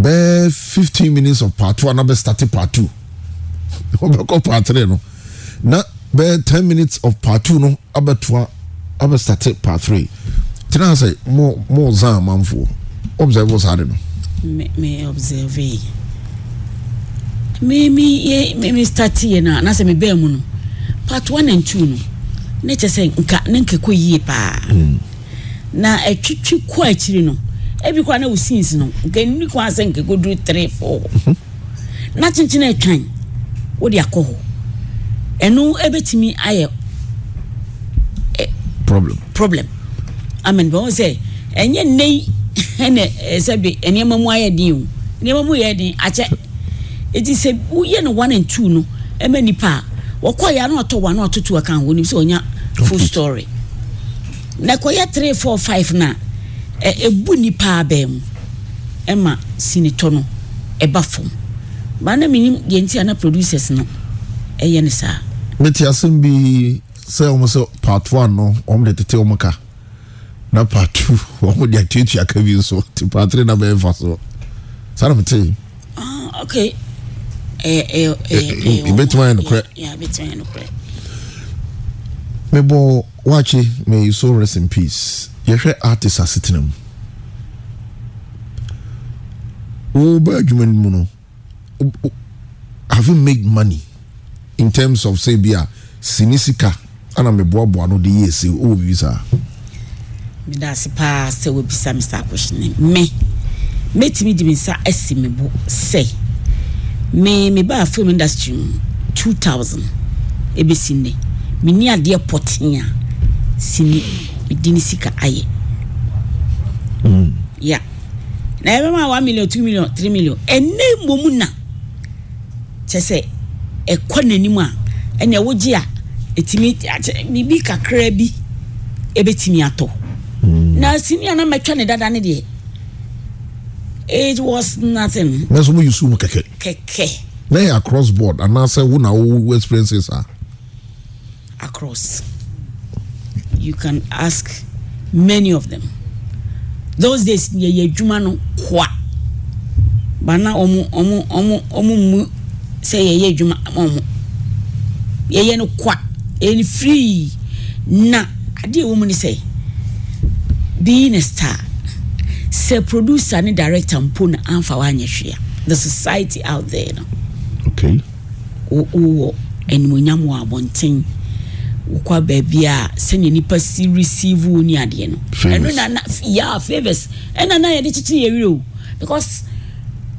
bɛɛ fifteen minutes of part two anabɛ start part two. wɔbɛkɔ part three no na bɛyɛ ten minutes of part two no abɛtoa abɛstate part three tena sɛ mo mo zan amanfoɔ observe saa de no. me me observe yi me me ye me me start yɛ na anasɛ me bɛn mu no part one and two no ne kyɛ sɛ nka ne nka kɔ yie paa mm. na atwitwi kɔ akyiri no ebi kɔ a na o scenes no nka nni kɔ nka kɔ duro three four mhm. na kyenkyen atwan wode akɔ hɔ ɛno ɛbɛtumi ayɛ problem problem amen bɛ wɔn sɛ ɛnyɛ nne yi ɛnɛ ɛsɛ bi nneɛma mu ayɛ den o nneɛma mu yɛ den akyɛ eti sɛ woyɛ no one and two no ɛmɛ nipa a wɔkɔ yɛ ano ɔtɔ wɔn ano ɔtoto ɛka wɔn nim sɛ wɔnya full story na kɔyɛ three four five na ɛ ebu nipa abɛɛ mu ɛma sinitɔ no ɛba fam. E bana na menim deɛ nti ana producers no ɛyɛ no saa mete asɛm bi sɛ ɔm sɛ part one no ɔm de tete ɔm ka na part two, ɔm de atuatua ka bi nso nti part 3 na bɛɛmfa so saa na metee ah, ok eh, eh, bɛtumi ayɛ nokorɛ mebɔ wakye may so rest in peace yɛhwɛ artist asetena mu wo ba adwuma mu no have you made money in terms of say bia sinisika sika ana meboaboa no de yie se ɔwɔ bibi saa. medase paa sɛ wɔbisa me saa kwɛhyene me mɛtumi de me nsa asi me bo sɛ me mebaa film industry mu 2000 ɛbɛsi nnɛ menni adeɛ pɔtee a sini mede ne sika ayɛ mm. ya na ɛbɛma e 1 million two million three million ɛnɛ e mmom na kyɛ ɛkɔ n'anim a ɛna ɛwɔ gye a ɛtumi akyɛ biribi kakra bi ɛbɛtumi atɔ mm. na sini anam ɛtwa ne dada ne deɛ it was nothing. na nso mo yi sum kɛkɛ. kɛkɛ. na yɛ across board anaasɛ wo na wo experiences a. across you can ask many of them those days yɛyɛ adwuma no kwa bana ɔmo ɔmo ɔmo ɔmo mu sɛ yɛyɛ adwuma ama mo yɛyɛ no kwa yɛyɛ no free na adeɛ ɛwɔ mu ne sɛ being a star sɛ producer ne director mpo na amfa wanyɛ hwea the society out there no okay wowɔ animonyam wɔ abɔnten wokɔ baabi a sɛnea nipa si receive wo ni adeɛ no ɛno na na ya favors ɛna na yɛde kyekyere yɛ werɛ o because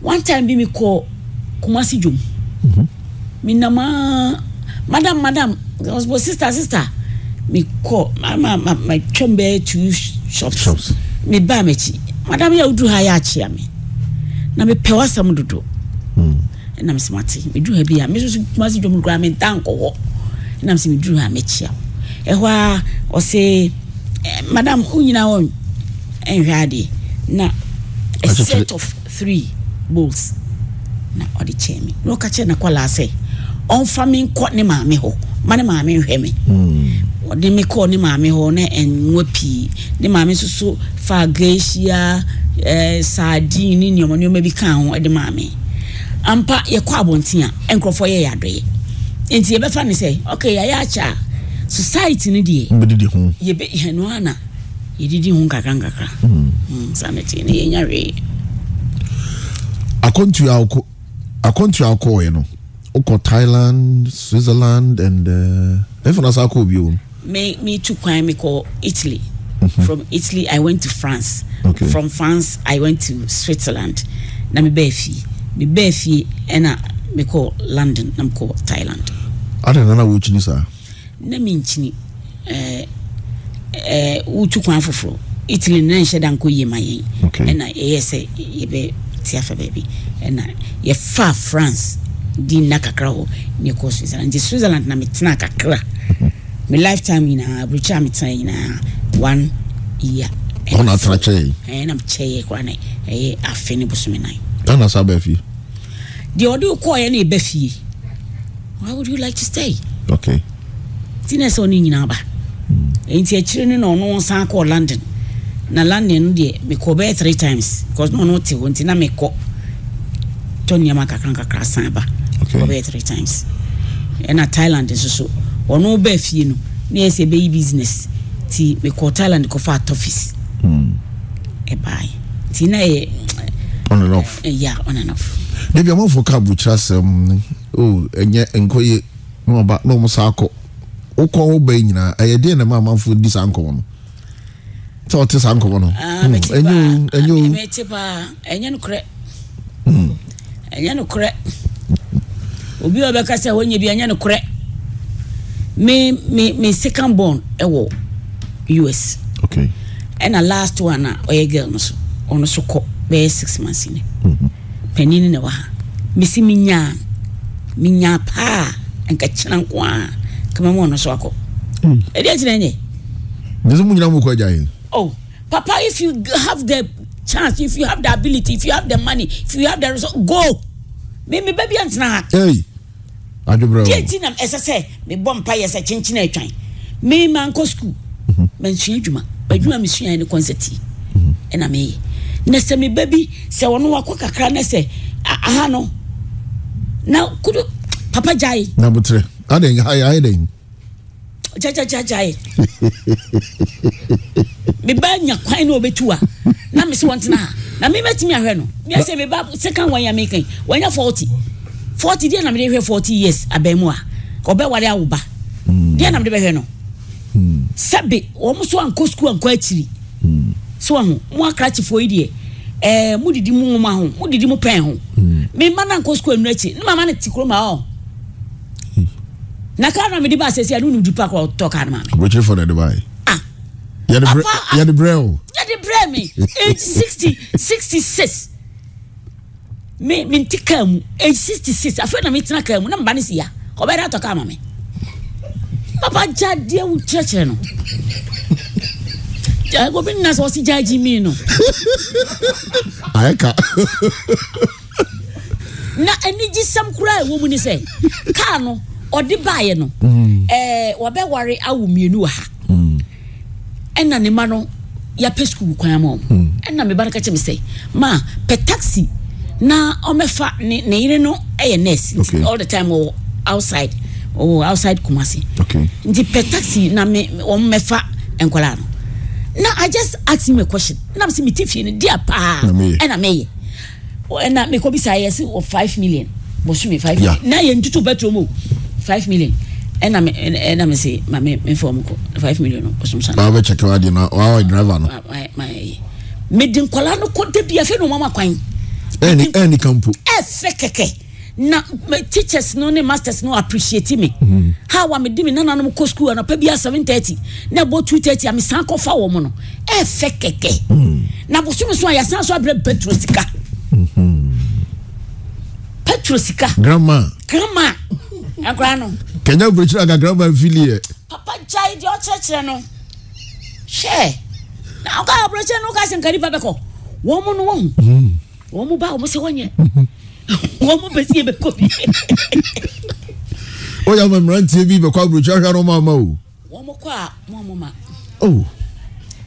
one time bi mi kɔ kumasi dwom Mm-hmm. mi menamaa madam madam ɔsbɔ sister sister mi ma ma matwam bɛyɛ two shops mi ba mebaa m'akyi madam yɛ woduru ha yɛ akyea me na mepɛ w'asɛm dodo ɛnam hmm. sɛ mi du ha bi ya a mesoso kuma se dwom koraa menta nkɔ hɔ ɛnam sɛ du ha mɛkyia wo ɛhɔ a ɔse madam wo nyina wɔ ɛnhwɛ adeɛ na a set of three bowls na ɔde kyɛn mi na ɔka kyerɛ n'akwadaa sɛ ɔnfa mi nkɔ ne maame hɔ ma ne maame nhwɛ mi hmm. ɔde mi kɔɔ ne maame hɔ ne nwa pii ne maame nso fa geehyia ɛɛ saadin ne nneɛma nneɛma bi ka ho ɛde maame ampa yɛkɔ abɔnten a nkurɔfoɔ yɛ yadɔyɛ nti yɛbɛfa ne sɛ okay yɛayɛ akyɛ a society ne deɛ mbɛdidi ho yɛbɛ hɛnua na yɛdidi ho nkakra nkakra hmm. hmm, sanete ne yɛnya hwee akɔntua okɔ akɔntu akɔɔɛ no wokɔ thailand switzerland and uh, ɛfa na sa akɔ bio me me tu kwan mekɔ italy mhm. from italy i went to france okay. from france i went to switzerland na mebɛɛ fie mebɛɛ fie ɛna mekɔ london na mekɔ thailand adɛn nana wokyini saa na menkyini eh, eh, wotu kwan foforɔ italy na nhyɛ da nkɔ yie ma yɛn ɛna ɛyɛ sɛ yɛbɛ te afa baabi ɛna yɛfaa france di nna kakra hɔ ne ɛkɔ switzerland nti switzerland na metena kakra mhm. me lifetime nyinaa aburukyi a metena nyinaa one year ɔna atena kyɛɛ ɛna mekyɛɛ kora na ɛyɛ afe ne bosome nan ghana saa baa fie deɛ ɔde wo kɔɔyɛ ɛbɛ fie why would you like to stay okay nti na ɛsɛ ɔne nyinaa ba ɛnti hmm. akyire ne na ɔno san kɔɔ london na london no deɛ mekɔ bɛyɛ three times because na ɔno te hɔ nti na mekɔ tɔ nneɛma kakra kakra san ba okay. mekɔ three times ɛna thailand nso so ɔno bɛɛ fie no na yɛ sɛ ɛbɛyi business ti mekɔ thailand kɔfa atɔfis hmm. ɛbaeɛ mm. nti na yɛ on and off uh, yeah on and off debi amanfo ka aburukyerɛ asɛm o ɛnyɛ nkɔyɛ na ɔba na ɔmo saa akɔ wokɔ wo ba nyinaa ɛyɛ deɛ na ma amanfo di saa nkɔmɔ no sɛ ɔte saa nkɔmɔ no hmm. bi ɛnyɛ nokorɛ me me me second born ɛwɔ us okay ɛna last one a ah, ɔyɛ girl no so ɔno so kɔ bɛyɛ six months mm-hmm. ni panin hmm. e na ɛwɔ ha mesi mi nyaa paa nka nko a kama mu ɔno so akɔ ɛdi akyerɛ nyɛ. Nyesu mu nyinaa mu kɔ agya oh papa if you have the chance if you have the ability if you have the money if you have the resource go mímí bẹ́bí ẹ̀ ń tẹ̀nà ha. ẹyì adúbọ̀rẹ́ o. díẹ̀ nam ẹsẹ̀ sẹ́ mi bọ́ mpa yẹ sẹ́ kyenkyen ẹ̀ twan mi máa ń kọ́ skul mẹ n sua adwuma adwuma mi sua yẹn ni kọ́nsẹ̀tì ẹ̀na mi yẹ na mi bẹ́bí sẹ wọn wakọ kakra na aha no na kudu papa gya yi. na butire adé ayé dẹ́yìn gyagyagyaga yi meba nya kwan na obetu a na mesi wɔn tena na mi bɛtumi ahwɛ no mi ɛsɛ meba second one ya mi kan wɔnya forty forty deɛ na mi de hwɛ forty years abɛɛmua ɔbɛwale awo ba hmm. deɛ na mi de bɛhwɛ no hmm. sɛbi wɔn hmm. so ankɔ sukuu ankɔ akyiri so aho mu akrakyefoɔ yi deɛ ɛɛ mu didi mu nwoma ho mu didi mu pɛn ho mi mma na nkɔ sukuu enu akyi ne maama ne ti kurom ha ɔ na kaa na mede ba asɛsi ade wone dipa kɔ tɔ kaa no ma me abokyerefo na de bae yɛde brɛ o yɛde brɛ me age 60 66 me mente kaa mu age 66 afei na metena kaa mu na mba ne sia ɔbɛde atɔ kaa ma me papa gya deɛ wo kyerɛkyerɛ no obi nna sɛ ɔse gya agyi mii no ayɛ ka na anigye sɛm koraa ɛwɔ e mu ne sɛ kaa no ɔde baayɛ no ɛɛ mm. eh, wɔbɛware awo mmienu wɔ ha ɛna mm. ne ma no yɛapɛ sukuu kwan ma ɔmo ɛna mm. meba no ka kyerɛ sɛ ma pɛ taxi na ɔmɛfa ne ne yere no ɛyɛ nurse okay. all the time ɔwɔ outside ɔwɔ outside kumasi okay. nti pɛ taxi na me ɔmɛfa nkɔla no na i just ask him a question na mi ti fi ni dia paa ɛna mɛ yɛ ɛna mɛ kɔ bi sa yɛ si five million bɔsumi five million na yɛ ntutu bɛ to mu five million ɛna mi ɛna mi se maame mi fɔ ɔmu kɔ five million no ɔsum san. báwo bɛ cɛ kí wàá di na wàá wà driver no. maa yi mɛ di no ko debi no na ɔmama kwan. ɛ ni ɛ ni kampo. ɛ sɛ kɛkɛ na mɛ teachers no ne masters no appreciate me. Mhm. ha wa mi di mi nana mu ko school anapa bi a seven thirty ne bɔ two thirty Ami mi san kɔ fa wɔn no ɛ sɛ kɛkɛ. Mhm. na bosomiso a yasan so abirɛ petro sika. Mhm. petro sika. grandma. grandma ɛkora no kɛnyɛ burokyiri akakra ba fili yɛ papa gyae deɛ ɔkyerɛkyerɛ no hyɛ na ɔka burokyiri no woka sɛ nka nipa bɛkɔ wɔn mu no wɔn hmm. wɔn mu ba wɔn sɛ wɔnyɛ wɔn mu bɛsi ebɛkɔ bi wɔyɛ ama mmeranteɛ bi bɛkɔ aburokyiri ahwɛ no ɔmo ama o wɔn kɔ a mo ɔmo ma o oh.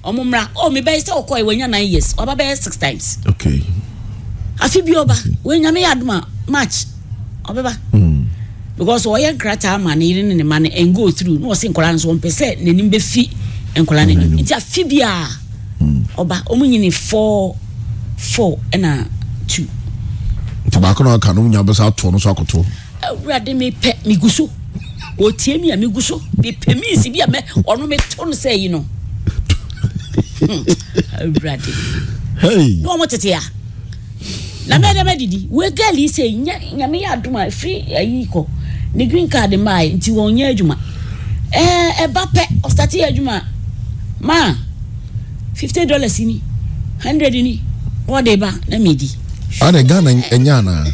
ɔmo mmra o oh, mi bɛyɛ sɛ ɔkɔ yi wɔnya nine years ɔba bɛyɛ six times okay afi bi ɔba wɔnyame yɛ aduma march ɔbɛba. Mm because ɔyɛ nkrataa ama ne yere ne ne ma no and go through na ɔsi nkɔla no so ɔmpɛ sɛ n'anim bɛfi nkɔla n'anim nti afi bia ɔba ɔmo nyini four four ɛna two. nti baako na ɔka no uh, mu hmm. uh, eh, nya bɛ sɛ ato no so akoto. awurade mi pɛ mi gu so wotie mi a mi gu so mi pɛ mi nsi bi a mɛ ɔno mi to no sɛ yi no awurade. hey na ɔmo tete a. na mɛ dɛ mɛ didi wo gɛli sɛ nyame yɛ adum a firi eh, ayi kɔ ne green card maa yi nti wɔn nyɛ adwuma ɛɛ eh, ɛba eh, pɛ ɔsate yɛ adwuma maa fifty dollars ni hundred ni wɔde ba na mi di. ɔne ah, ghana ɛnyɛ ana.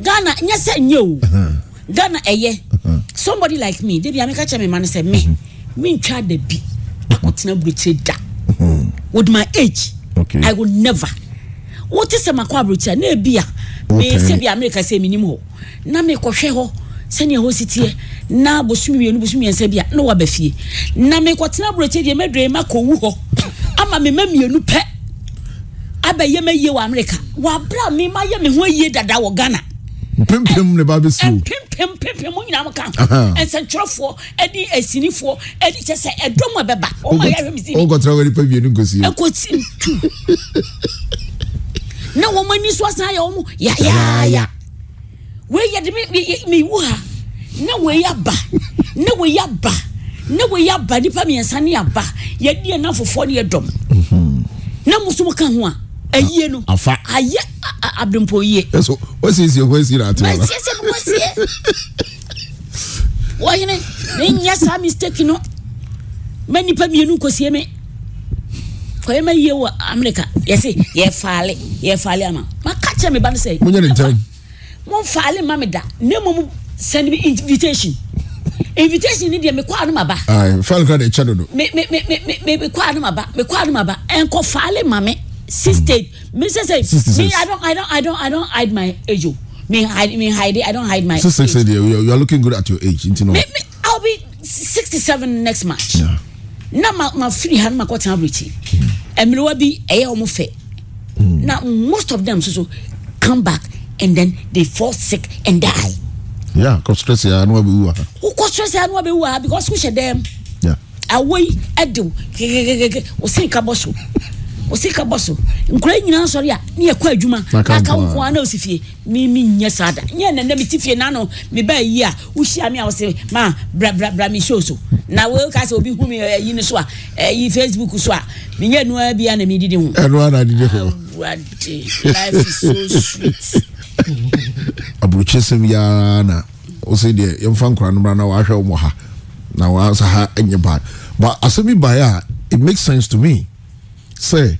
ghana nyɛ sɛ nye o uh-huh. ghana ɛyɛ uh-huh. somebody like me debi amika kyɛ mi ma no sɛ me uh-huh. mi n twa da bi akɔtena burokyire da with my age okay. i will never wote sɛ makɔ aburokyire na ebi a mesɛ Amerika mereka sɛ menim hɔ na mekɔhwɛ hɔ sɛnea hɔ si teɛ na bosom mmienu bosom mmiɛnsa bia na waba fie na mekɔtena aburokyi deɛ mɛdwere makɔwu hɔ ama me ma mmienu pɛ abɛyɛ ma yie wɔ amerika wabra me ma yɛ me ho ayie dada wɔ ghana mpempem ne ba bɛ eh, si o mpempem mpempem mo nyinaa mo ka nsɛntwerɛfoɔ ɛni esinifoɔ ɛni kyɛ sɛ ɛdɔm ɛbɛba ɔmo ayɛ ahwɛ mi si mi ɔgɔtɔrɔ wɛnipa mienu nkosi yɛ na wɔn ani so asan ayɛ wɔn yayaaya wei yɛ de mi mi wu ha na wei aba na wei aba na wei aba nipa mmiɛnsa ne aba yɛdi yɛn nan fofoɔ ne yɛ dɔm mhm. na musu ka ho a ɛyie no afa ayɛ abempo yie. ɛso wɔsiesie wɔsie na ati wɔn na wɔsiesie no wɔsie wɔyene ne nyɛ saa mistake no mɛ nipa mmienu kɔsie mi kɔyɛ ma yie wɔ america yɛsi yɛ faale yɛ faale ama ma ka kyerɛ mi ba ni sɛ. mo nye ne nkyɛn. mo faale ma mi da ne mo mu send me invitation invitation ni deɛ mi kɔ anum aba. ayi faale kura de kyɛ dodo. mi mi mi mi mi mi kɔ anum aba mi kɔ anum aba ɛnkɔ faale ma mi sixty mi sɛ sɛ mi i don i don i don i don hide my age o oh. mi hide mi hide i don hide my age. sixty sixty you are looking good at your age nti no. mi mi i will be sixty seven next march. na ma ma firi ha na ma kɔ tena abirikyi mmerewa bi ɛyɛ wɔn fɛ hmm. na most of them soso come back and then they fall sick and die. ya kɔ stress ya anu abɛ wu ha. wokɔ stress ya anu abɛ wu ha because wohyɛ dɛm. awo yi ɛdiw kekekeke o sin ka bɔ so osika bɔ so nkura nyinaa sɔrɔ a ne yɛ kɔ adwuma n'aka wo ana osi fie mi mi nyɛ saa da n yɛ nana mi ti fie n'ano mi bɛ yi a wusi ami a wɔsi ma bra bra bra mi show so na wo ka sɛ obi hu mi ɛyi eh, ni so a ɛyi eh, facebook so a mi nyɛ nua bi a na mi didi ho. ɛnua na didi ho. awurade life is so sweet. aburukyesɛm yaa na wosi deɛ yɛmfa nkura no na wahwɛ wɔn ha na wɔn asa ha nyɛ bad but asɛm bi ba yɛ a it makes sense to me sɛ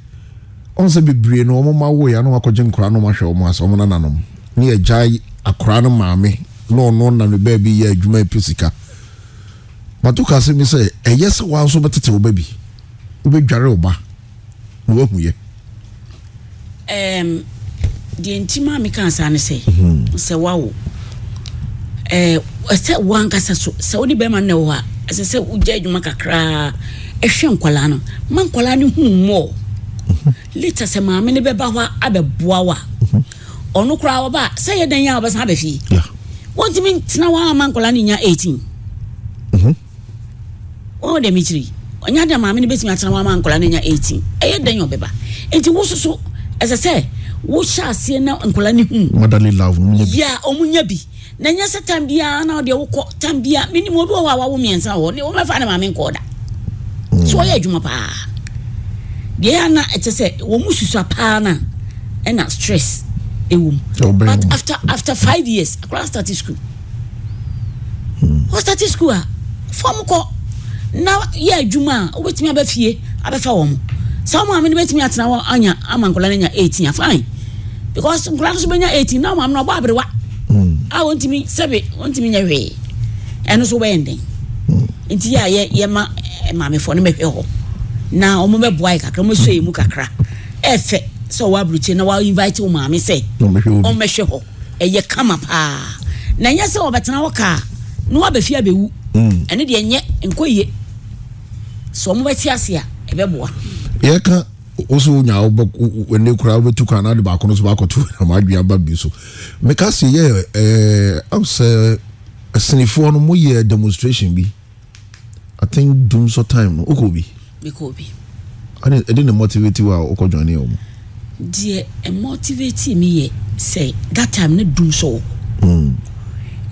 ɔn sɛ bebree no ɔmo ma wo ya na wakɔgye nkora no ma hwɛ ɔmo ase ɔmo nana nom ne yɛ gya akora no maame na ɔno na ne baabi yɛ adwuma epi sika mato kase mi sɛ ɛyɛ sɛ wɔn nso bɛtete wo ba bi wobɛdware wo ba na wahu yɛ. ɛɛm deɛ nti maa mi kan saa ne sɛ mhm. sɛ wawo ɛɛ sɛ wɔn ankasa so sɛ wɔde bɛrima na wɔ hɔ a ɛsɛ sɛ wogya adwuma kakraa ɛhwɛ nkwadaa no ma nkwadaa no hu mmɔ later sɛ mhm. maame no bɛba hɔ abɛboa wa ɔno koraa ɔba sɛ yɛ dan yɛ a ɔbɛsan abɛ fie wɔntumi ntena hɔ ama nkwadaa no nya eighteen wɔn dɛm ekyiri ɔnya dɛ maame no bɛtumi atena hɔ ama nkwadaa no nya eighteen ɛyɛ dan yɛ ɔbɛba nti wososo ɛsɛ sɛ wohyɛ aseɛ na nkwadaa no hu mɔdali laavu mu nya bi yɛ ɔmu nya bi na nyɛ sɛ tan biara na ɔdeɛ wokɔ tan biara minimu obi wɔ hɔ a wawo mmiɛnsa wɔ ne wɔn mɛfa ne maame nkɔɔ nso ɔyɛ adwuma paa deɛ ana ɛkyɛ sɛ wɔn mu susua paa na ɛna stress ɛwɔ mu but after after five years akora start school wɔn hmm. start school a fɔm kɔ na yɛ adwuma a wɔbɛtumi abɛ fie abɛfa wɔn saa ɔmo amene bɛtumi atena hɔ anya ama nkɔla no nya eighteen afaan because nkɔla no so bɛnya eighteen na ɔmo amene ɔbɔ aberewa hmm. a wɔntumi sɛbi wɔntumi nyɛ hwee ɛno so wɔbɛyɛ nden nti a yɛ yɛ ma eh, maamefoɔ no mɛhwɛ hɔ na wɔn bɛboa yi kakra wɔn so yɛ mu kakra ɛfɛ sɛ ɔwɔ aburukyi na wɔn invite wɔn maame sɛ wɔn bɛhwɛ hɔ ɛyɛ kama paa na nyɛ sɛ wɔbɛtena hɔ kaa na wɔn abɛfi abɛwu mm. ɛne deɛ nyɛ nkɔ yie sɛ wɔn bɛte ase a ɛbɛboa. yɛka woso nya wone kora wobɛtu kora nade baako no so baakɔto namadwea ba bi so meka se yɛ eh, am sɛ asinifoɔ no moyɛ demonstration bi i think dum so time no okɔ bi mekɔ bi ɛde ne motivate wa a okɔ join ne wɔn. deɛ motivate me. yɛ sɛ that time ne dum hmm. so wɔ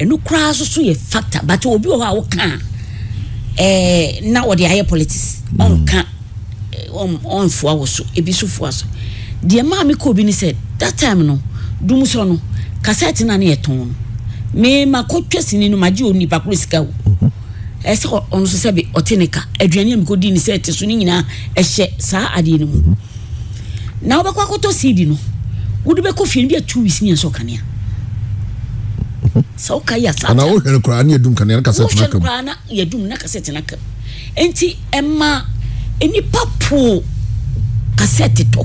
ɛnu koraa soso yɛ factor but obi wɔ hɔ a ɔka ɛɛ na ɔde ayɛ politics ɔnka hmm. ɔnfoa wɔ so ebi so foa so deɛ maa mi kɔ bi ni sɛ that time no dum so no kasɛɛti na ne yɛ tɔn no mɛ ma twɛ sini no ma gye o nipa koro sika o. Hmm. ɛsɛ ɔno so sɛ bi ɔte ne ka aduane mu kodi ne sɛ ɛte so ne nyinaa ɛhyɛ saa adeɛ no mu na wobɛkɔ akɔtɔ seedi no wode bɛkɔ fie no bi atu wisi nyɛ sɛ ɔkanea sɛ woka yɛ saa wohwɛ no koraa na yɛdum kanea na kasɛ tena kam koraa na yɛdum na kasɛ tena kam enti ɛma nnipa poo kasɛte tɔ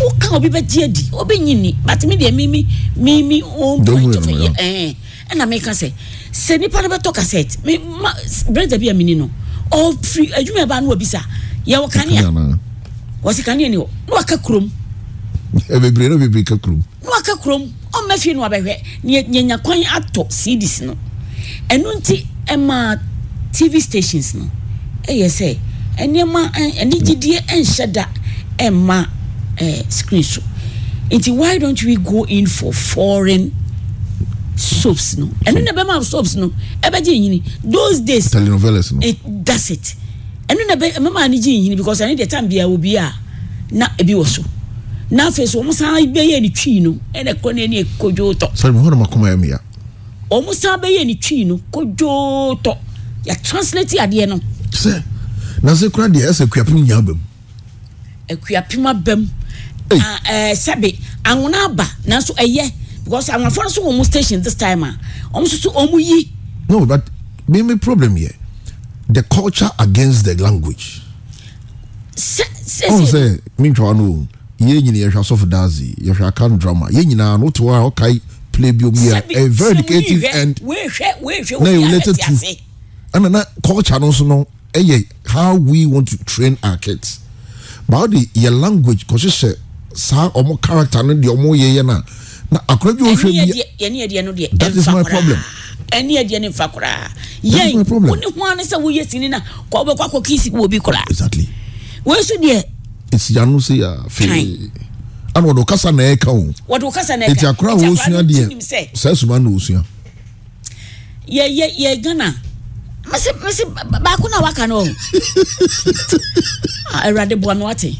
woka obi bɛgye adi wobɛnyini but me deɛ mimi mimi wɔn point of ɛna meka sɛ sɛ nipa no bɛtɔ cassette mi ma brenda bi a mi ni eh, no ɔfiri adwuma ɛbaa no wɔ bisa yɛ wɔ kanea wɔsi kanea ni hɔ na waka kurom. bebree na bebree ka kurom. na waka kurom ɔmma fie no abɛhwɛ na yɛnya kwan atɔ cds no ɛnu nti ɛmaa e tv stations no ɛyɛ e sɛ e nneɛma anigyidie nhyɛ da ɛma ɛɛ screen so nti why don't we go in for foreign soaps no ɛno na bɛma soaps no ɛbɛgye nyini those days telenovelas no it eh, does it ɛno na bɛma ne gye nyini because ɛno deɛ time bia obi a na ebi wɔ so na afei so wɔn san bɛyɛ ne twi no ɛna kɔ ne ani kodwo tɔ. sori mi hɔn ma kɔn ma ɛmi ya. wɔn san bɛyɛ ne twi no kodwo tɔ yɛ translate adeɛ no. sɛ nase kura deɛ ɛsɛ kuyapim nyɛ abɛm. ekuyapim abɛm. ɛɛ ah, eh, sɛbi anwuna aba nanso ɛyɛ. E because àwọn afọ nso wọ mu station this time a ah. wọn nso so wọn yi. no but mi mi problem here, the culture against the language. sẹ sẹ sẹ. ọ̀hún sẹ mi n tọ́ ọ́nà o yẹ nyina yẹ hwẹ asọfo daazi yẹ hwẹ akan drama yẹ nyina ano to a ọka play bi omi a very educative and na yẹ related to ẹnna na culture no so no ẹ yẹ how we want to train our kids but how the yẹ language kò ṣiṣẹ saa ọmọ character no deɛ ɔmo yɛ yɛ na na akora bi ohwɛ bi yɛne adeɛ no deɛ that is my problem ɛne adeɛ no mfa koraa yɛn wo ne ho ane sɛ woyɛ sini na kɔ wobɛkɔ akɔ kiisi wɔ bi koraa exactly wei so deɛ ɛsia no sɛ yɛ afei ana wɔde kasa na ɛka o wɔde kasa na ɛka ɛti akora wɔ osua deɛ sɛ suma na osua yɛ yɛ yɛ gana mese mese baako na waka no ah, awurade boa no wate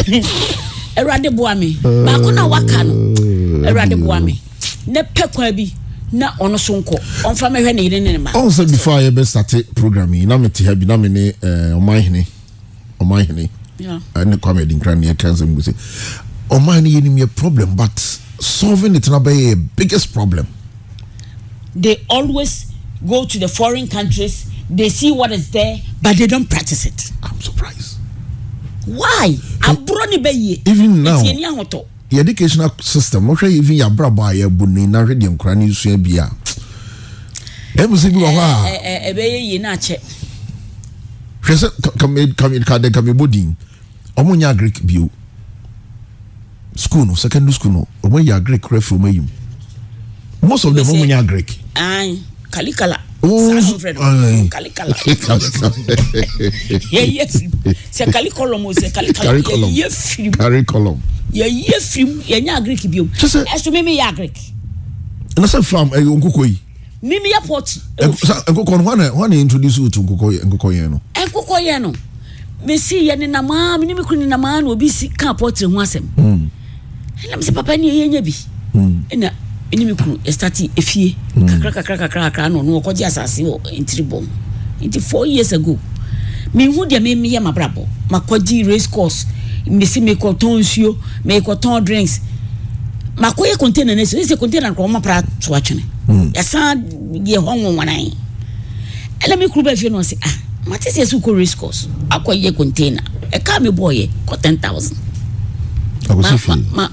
awurade boa me baako na waka no awurade hmm. boa me ne pɛ kwan bi na ɔno so nkɔ ɔmfa mɛhwɛ ne yere ne ne ma. ɔn sɛ before a yɛbɛ sate program yi na mi te ha bi na mi ne ɔmanhene eh, ɔmanhene ɛne eh, kwame adinkra ne yɛ kansa mu sɛ ɔmanhene yɛ nim yɛ problem but solving it na bɛyɛ yɛ biggest problem. they always go to the foreign countries they see what is there but they don't practice it. i'm surprised. why aburo ni bɛ yie even now etie ni ahotɔ. yɛ educational system wɔhwɛ even yɛ abrabɔ a yɛ bu ne na hwɛ deɛ nkura ne a. ebia ebusi bi wɔ hɔ a. ɛbɛ yɛ yie n'akyɛ. hwɛ sɛ kame kame kade kame bɔ din ɔmo nyɛ agric bio school no secondary school no ɔmo yɛ agric refere ɔmo ayim most of them ɔmo nyɛ agric. ayi kalikala kalikala yɛyɛ firim sɛ kalikɔlɔm o sɛ kalikala yɛyɛ firim kalikɔlɔm yɛyɛ firim yɛnyɛ agric biom ɛso mi mi yɛ agric. na sɛ fam ɛyɛ eh, nkokɔ yi. mi mi yɛ pɔt. Eh, nkokɔ no hɔn hɔn introduce you to nkokɔ nkokɔ yɛn no. nkokɔ yɛn no mesi yɛ nenamaa mi ni mi kun nenamaa na si kan pɔt ho asɛm. Hmm. papa ni yɛ yɛ nyɛ ɛne me kunu efie ɛfie mm. kakra kakra kakra kakra no ɔno ɔkɔgye asase wɔ ntiri bɔm nti four years ago mehu deɛ memeyɛ mabrabɔ makɔgye race course mesi mekɔtɔn nsuo mekɔtɔn drinks makɔyɛ container no sɛ container nkorɔ mapra to atwene mm. yɛsan yɛ hɔ nwonwanan ɛna me kuru bɛfie no ɔse ah mate sɛ sɛ wokɔ race course akɔyɛ container ɛka mebɔɔyɛ kɔ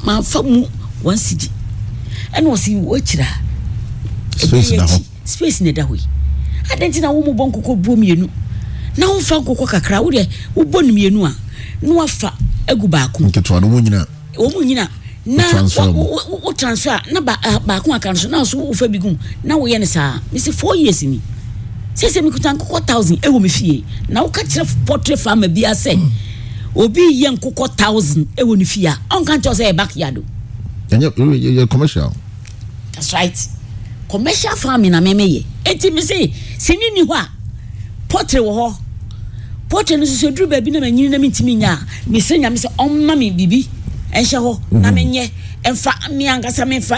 ma fa mu 1 cd ɛna ɔsi wɔkyerɛ space na hɔ space na ɛda hɔ yi adan na wɔn mu bɔ nkokɔ buo mmienu na wɔn fa nkokɔ kakra wɔn deɛ wɔbɔ no mmienu a na wɔafa egu baako nketewa na wɔn nyinaa wɔn nyina na wo transfer na baako aka no so na so wofa bi gum na woyɛ no saa mesi four years ni sɛsɛ mekuta nkokɔ thousand ɛwɔ mi fie na woka kyerɛ pɔtre farmer bia sɛ obi yɛ nkokɔ thousand ɛwɔ ne fie a ɔnka nkyɛ sɛ yɛ backyard o yɛ commercial that's right commercial farming na mɛmɛ yɛ eti mi se sini ni hɔ a pɔtiri wɔ hɔ pɔtiri no soso duru baabi na ma nyini na mi ti mi nya a mi se nya mi sɛ ɔmma mi bibi ɛnhyɛ hɔ na mi mhm. nyɛ ɛnfa mi ankasa mi nfa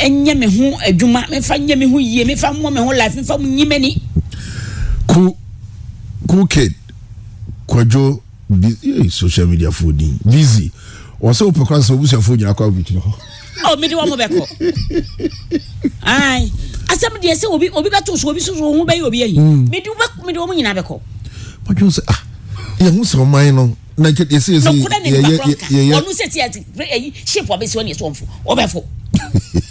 ɛnyɛ mi ho adwuma mi nfa nyɛ mi ho yie mi nfa mmɔ mi ho life mi nfa mu nyi mɛni. ku ku kid kwadwo bi ee eh, social media fo din busy wɔsɛ wopɛ kora sɛ wobusuafoɔ nyina kɔ abotiri hɔ ọ mi ni wọn mo bɛ kɔ ayi asɛm deɛ sɛ obi obi bɛ to so obi soso ohun bɛ yi obi yɛ yi mi di bɛ mi di wɔn nyinaa bɛ kɔ. wájú sɛ ah yẹn ń sọ ɔman yẹn nọ na jẹ yẹ sẹ yẹ sẹ yẹ yẹ yẹ yẹ ɔnu sɛ ti yɛ ti ɛyi shape ɔbɛ si ɔni yɛ sɔ ɔn fo ɔbɛ fo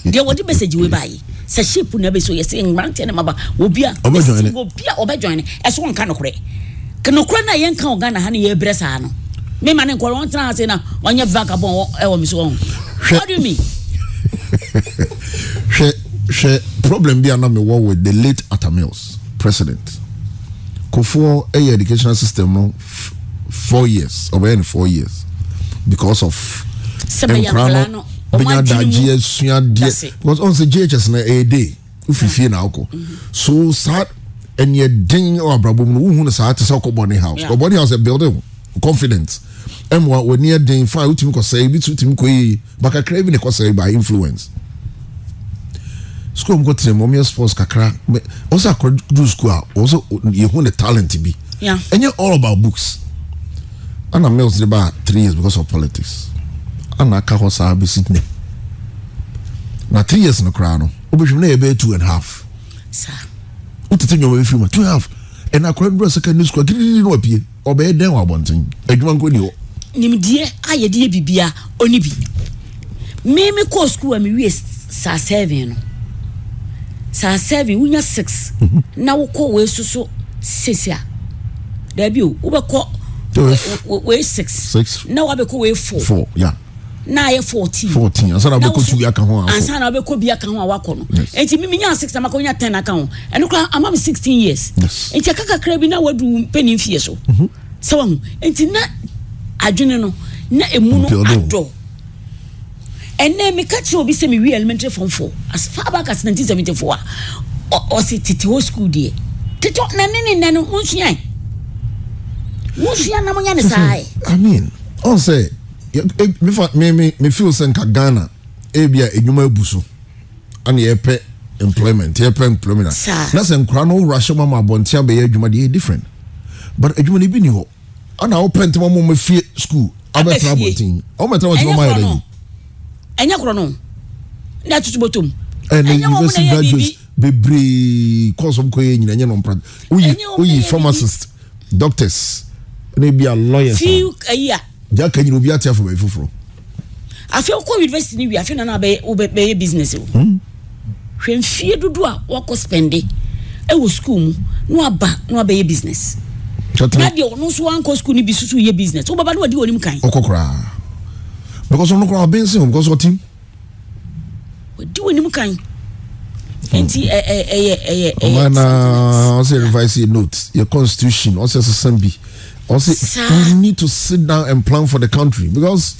deɛ wɔde message wo baa yi sɛ shape na bɛ so yɛ sɛ mmeranteɛ na ma ba obi a ɔbɛ jɔn ne obi a ɔbɛ jɔn ne ɛso nka nokorɛ nokorɛ na yɛn kan ɔgan na ha ne yɛ brɛ saa no mi ma ne nkɔlɔ wɔn tena ha se na wɔn nyɛ vagabond ɛwɔ mi so wɔn what do you mean hwɛ hwɛ problem bi a na mi wɔ with the late atamils president kofoɔ ɛyɛ educational system no four years ɔbɛyɛ no four years because of nkura no benya dadeɛ suadeɛ because ɔn sɛ ghs na ɛyɛ day ofifie na akɔ so saa ɛnìyɛ den wɔ abrabɔ mu no wohun na saa te sɛ ɔkɔ bɔne house ɔbɔne house ɛ building confidence ɛmoa wɔni ɛden fa wotumi kɔsɛe ebi tu tumi kɔyi bakakra bi ne kɔsɛe by influence school mu kɔtena mu ɔmo yɛ sports kakra ɔsɛ akɔdu school a ɔsɛ yehu ne talent bi ɛnyɛ all about books ana mills de ba three years because of politics ana aka hɔ saa besi ne na three years no koraa no obetwim na yɛ bɛyɛ two and a half wotete nneɛma bi firi mu two and a half ɛna akɔrɔ duro secondary school kirikiri na wapie ɔbɛyɛ dɛn wɔ abɔnten adwuma nkɔ ni hɔ nimdeɛ a yɛde yɛ bibia ɔni bi mímí kɔ sukuu a mi wie saa seven no saa seven wunya six mhm. na wokɔ wei soso six a dabi o wobɛkɔ wei six na wabɛkɔ wei four ya na ayɛ fourteen fourteen ansa na wabɛkɔ tu aka ansa na wabɛkɔ bi aka ho a wakɔ no nti mímí nya six na makɔ nya ten aka ho ɛnu kora ama mi sixteen years enti aka kakra bi na wadu mpanyin fie so mhm. sɛ wɔn enti na adwene no na emu no adɔ ɛnna mi ka obi sɛ mi wi elementary form four as far back as nineteen seventy four a ɔsi tete hɔ school deɛ tete na ne ne nane mo nsua yi mo nsua na mo nya ne saa yi. i mean ɔn sɛ e, mi fa mi mi mi feel sɛ nka ghana ebi a enyuma ebu so ɛna yɛ employment yɛ employment a na sɛ nkura no wura ahyɛ mu ama abɔnten abɛyɛ adwuma deɛ yɛ e different but adwuma no ebi ni hɔ ana awo pɛnti wɔn mo ma fie sukuu abɛtena abɔnten wɔn bɛtena abɔnten wɔn ma yɛrɛ yi. ɛnyɛ korɔ no ne atutu bɔtɔ mu. ɛnna university graduates bebree kɔɔso mu kɔ yɛ nyina ɛnyɛ no mpra oyi oyi pharmacist doctors ne bi a lawyers. fi ayi uh, a. jaa kanyina obi ate afɔ bɛyi foforɔ. afei wokɔ university ni wi afei nana abɛyɛ wobɛyɛ business o. Hmm? hwɛ mfie dodo a wɔkɔ spɛnde ɛwɔ sukuu mu na waba na wabɛyɛ business na deɛ ɔno nso wankɔ school no bi soso yɛ business wo baba no wadi wɔnim kan ɔkɔ koraa because ɔno koraa ɔbɛnsen o because ɔtim wadi wɔnim kan nti ɛyɛ ɛyɛ ɛyɛ ɔma na ɔsɛ revise your notes, your constitution ɔsɛ sisan bi ɔsɛ you need to sit down and plan for the country because.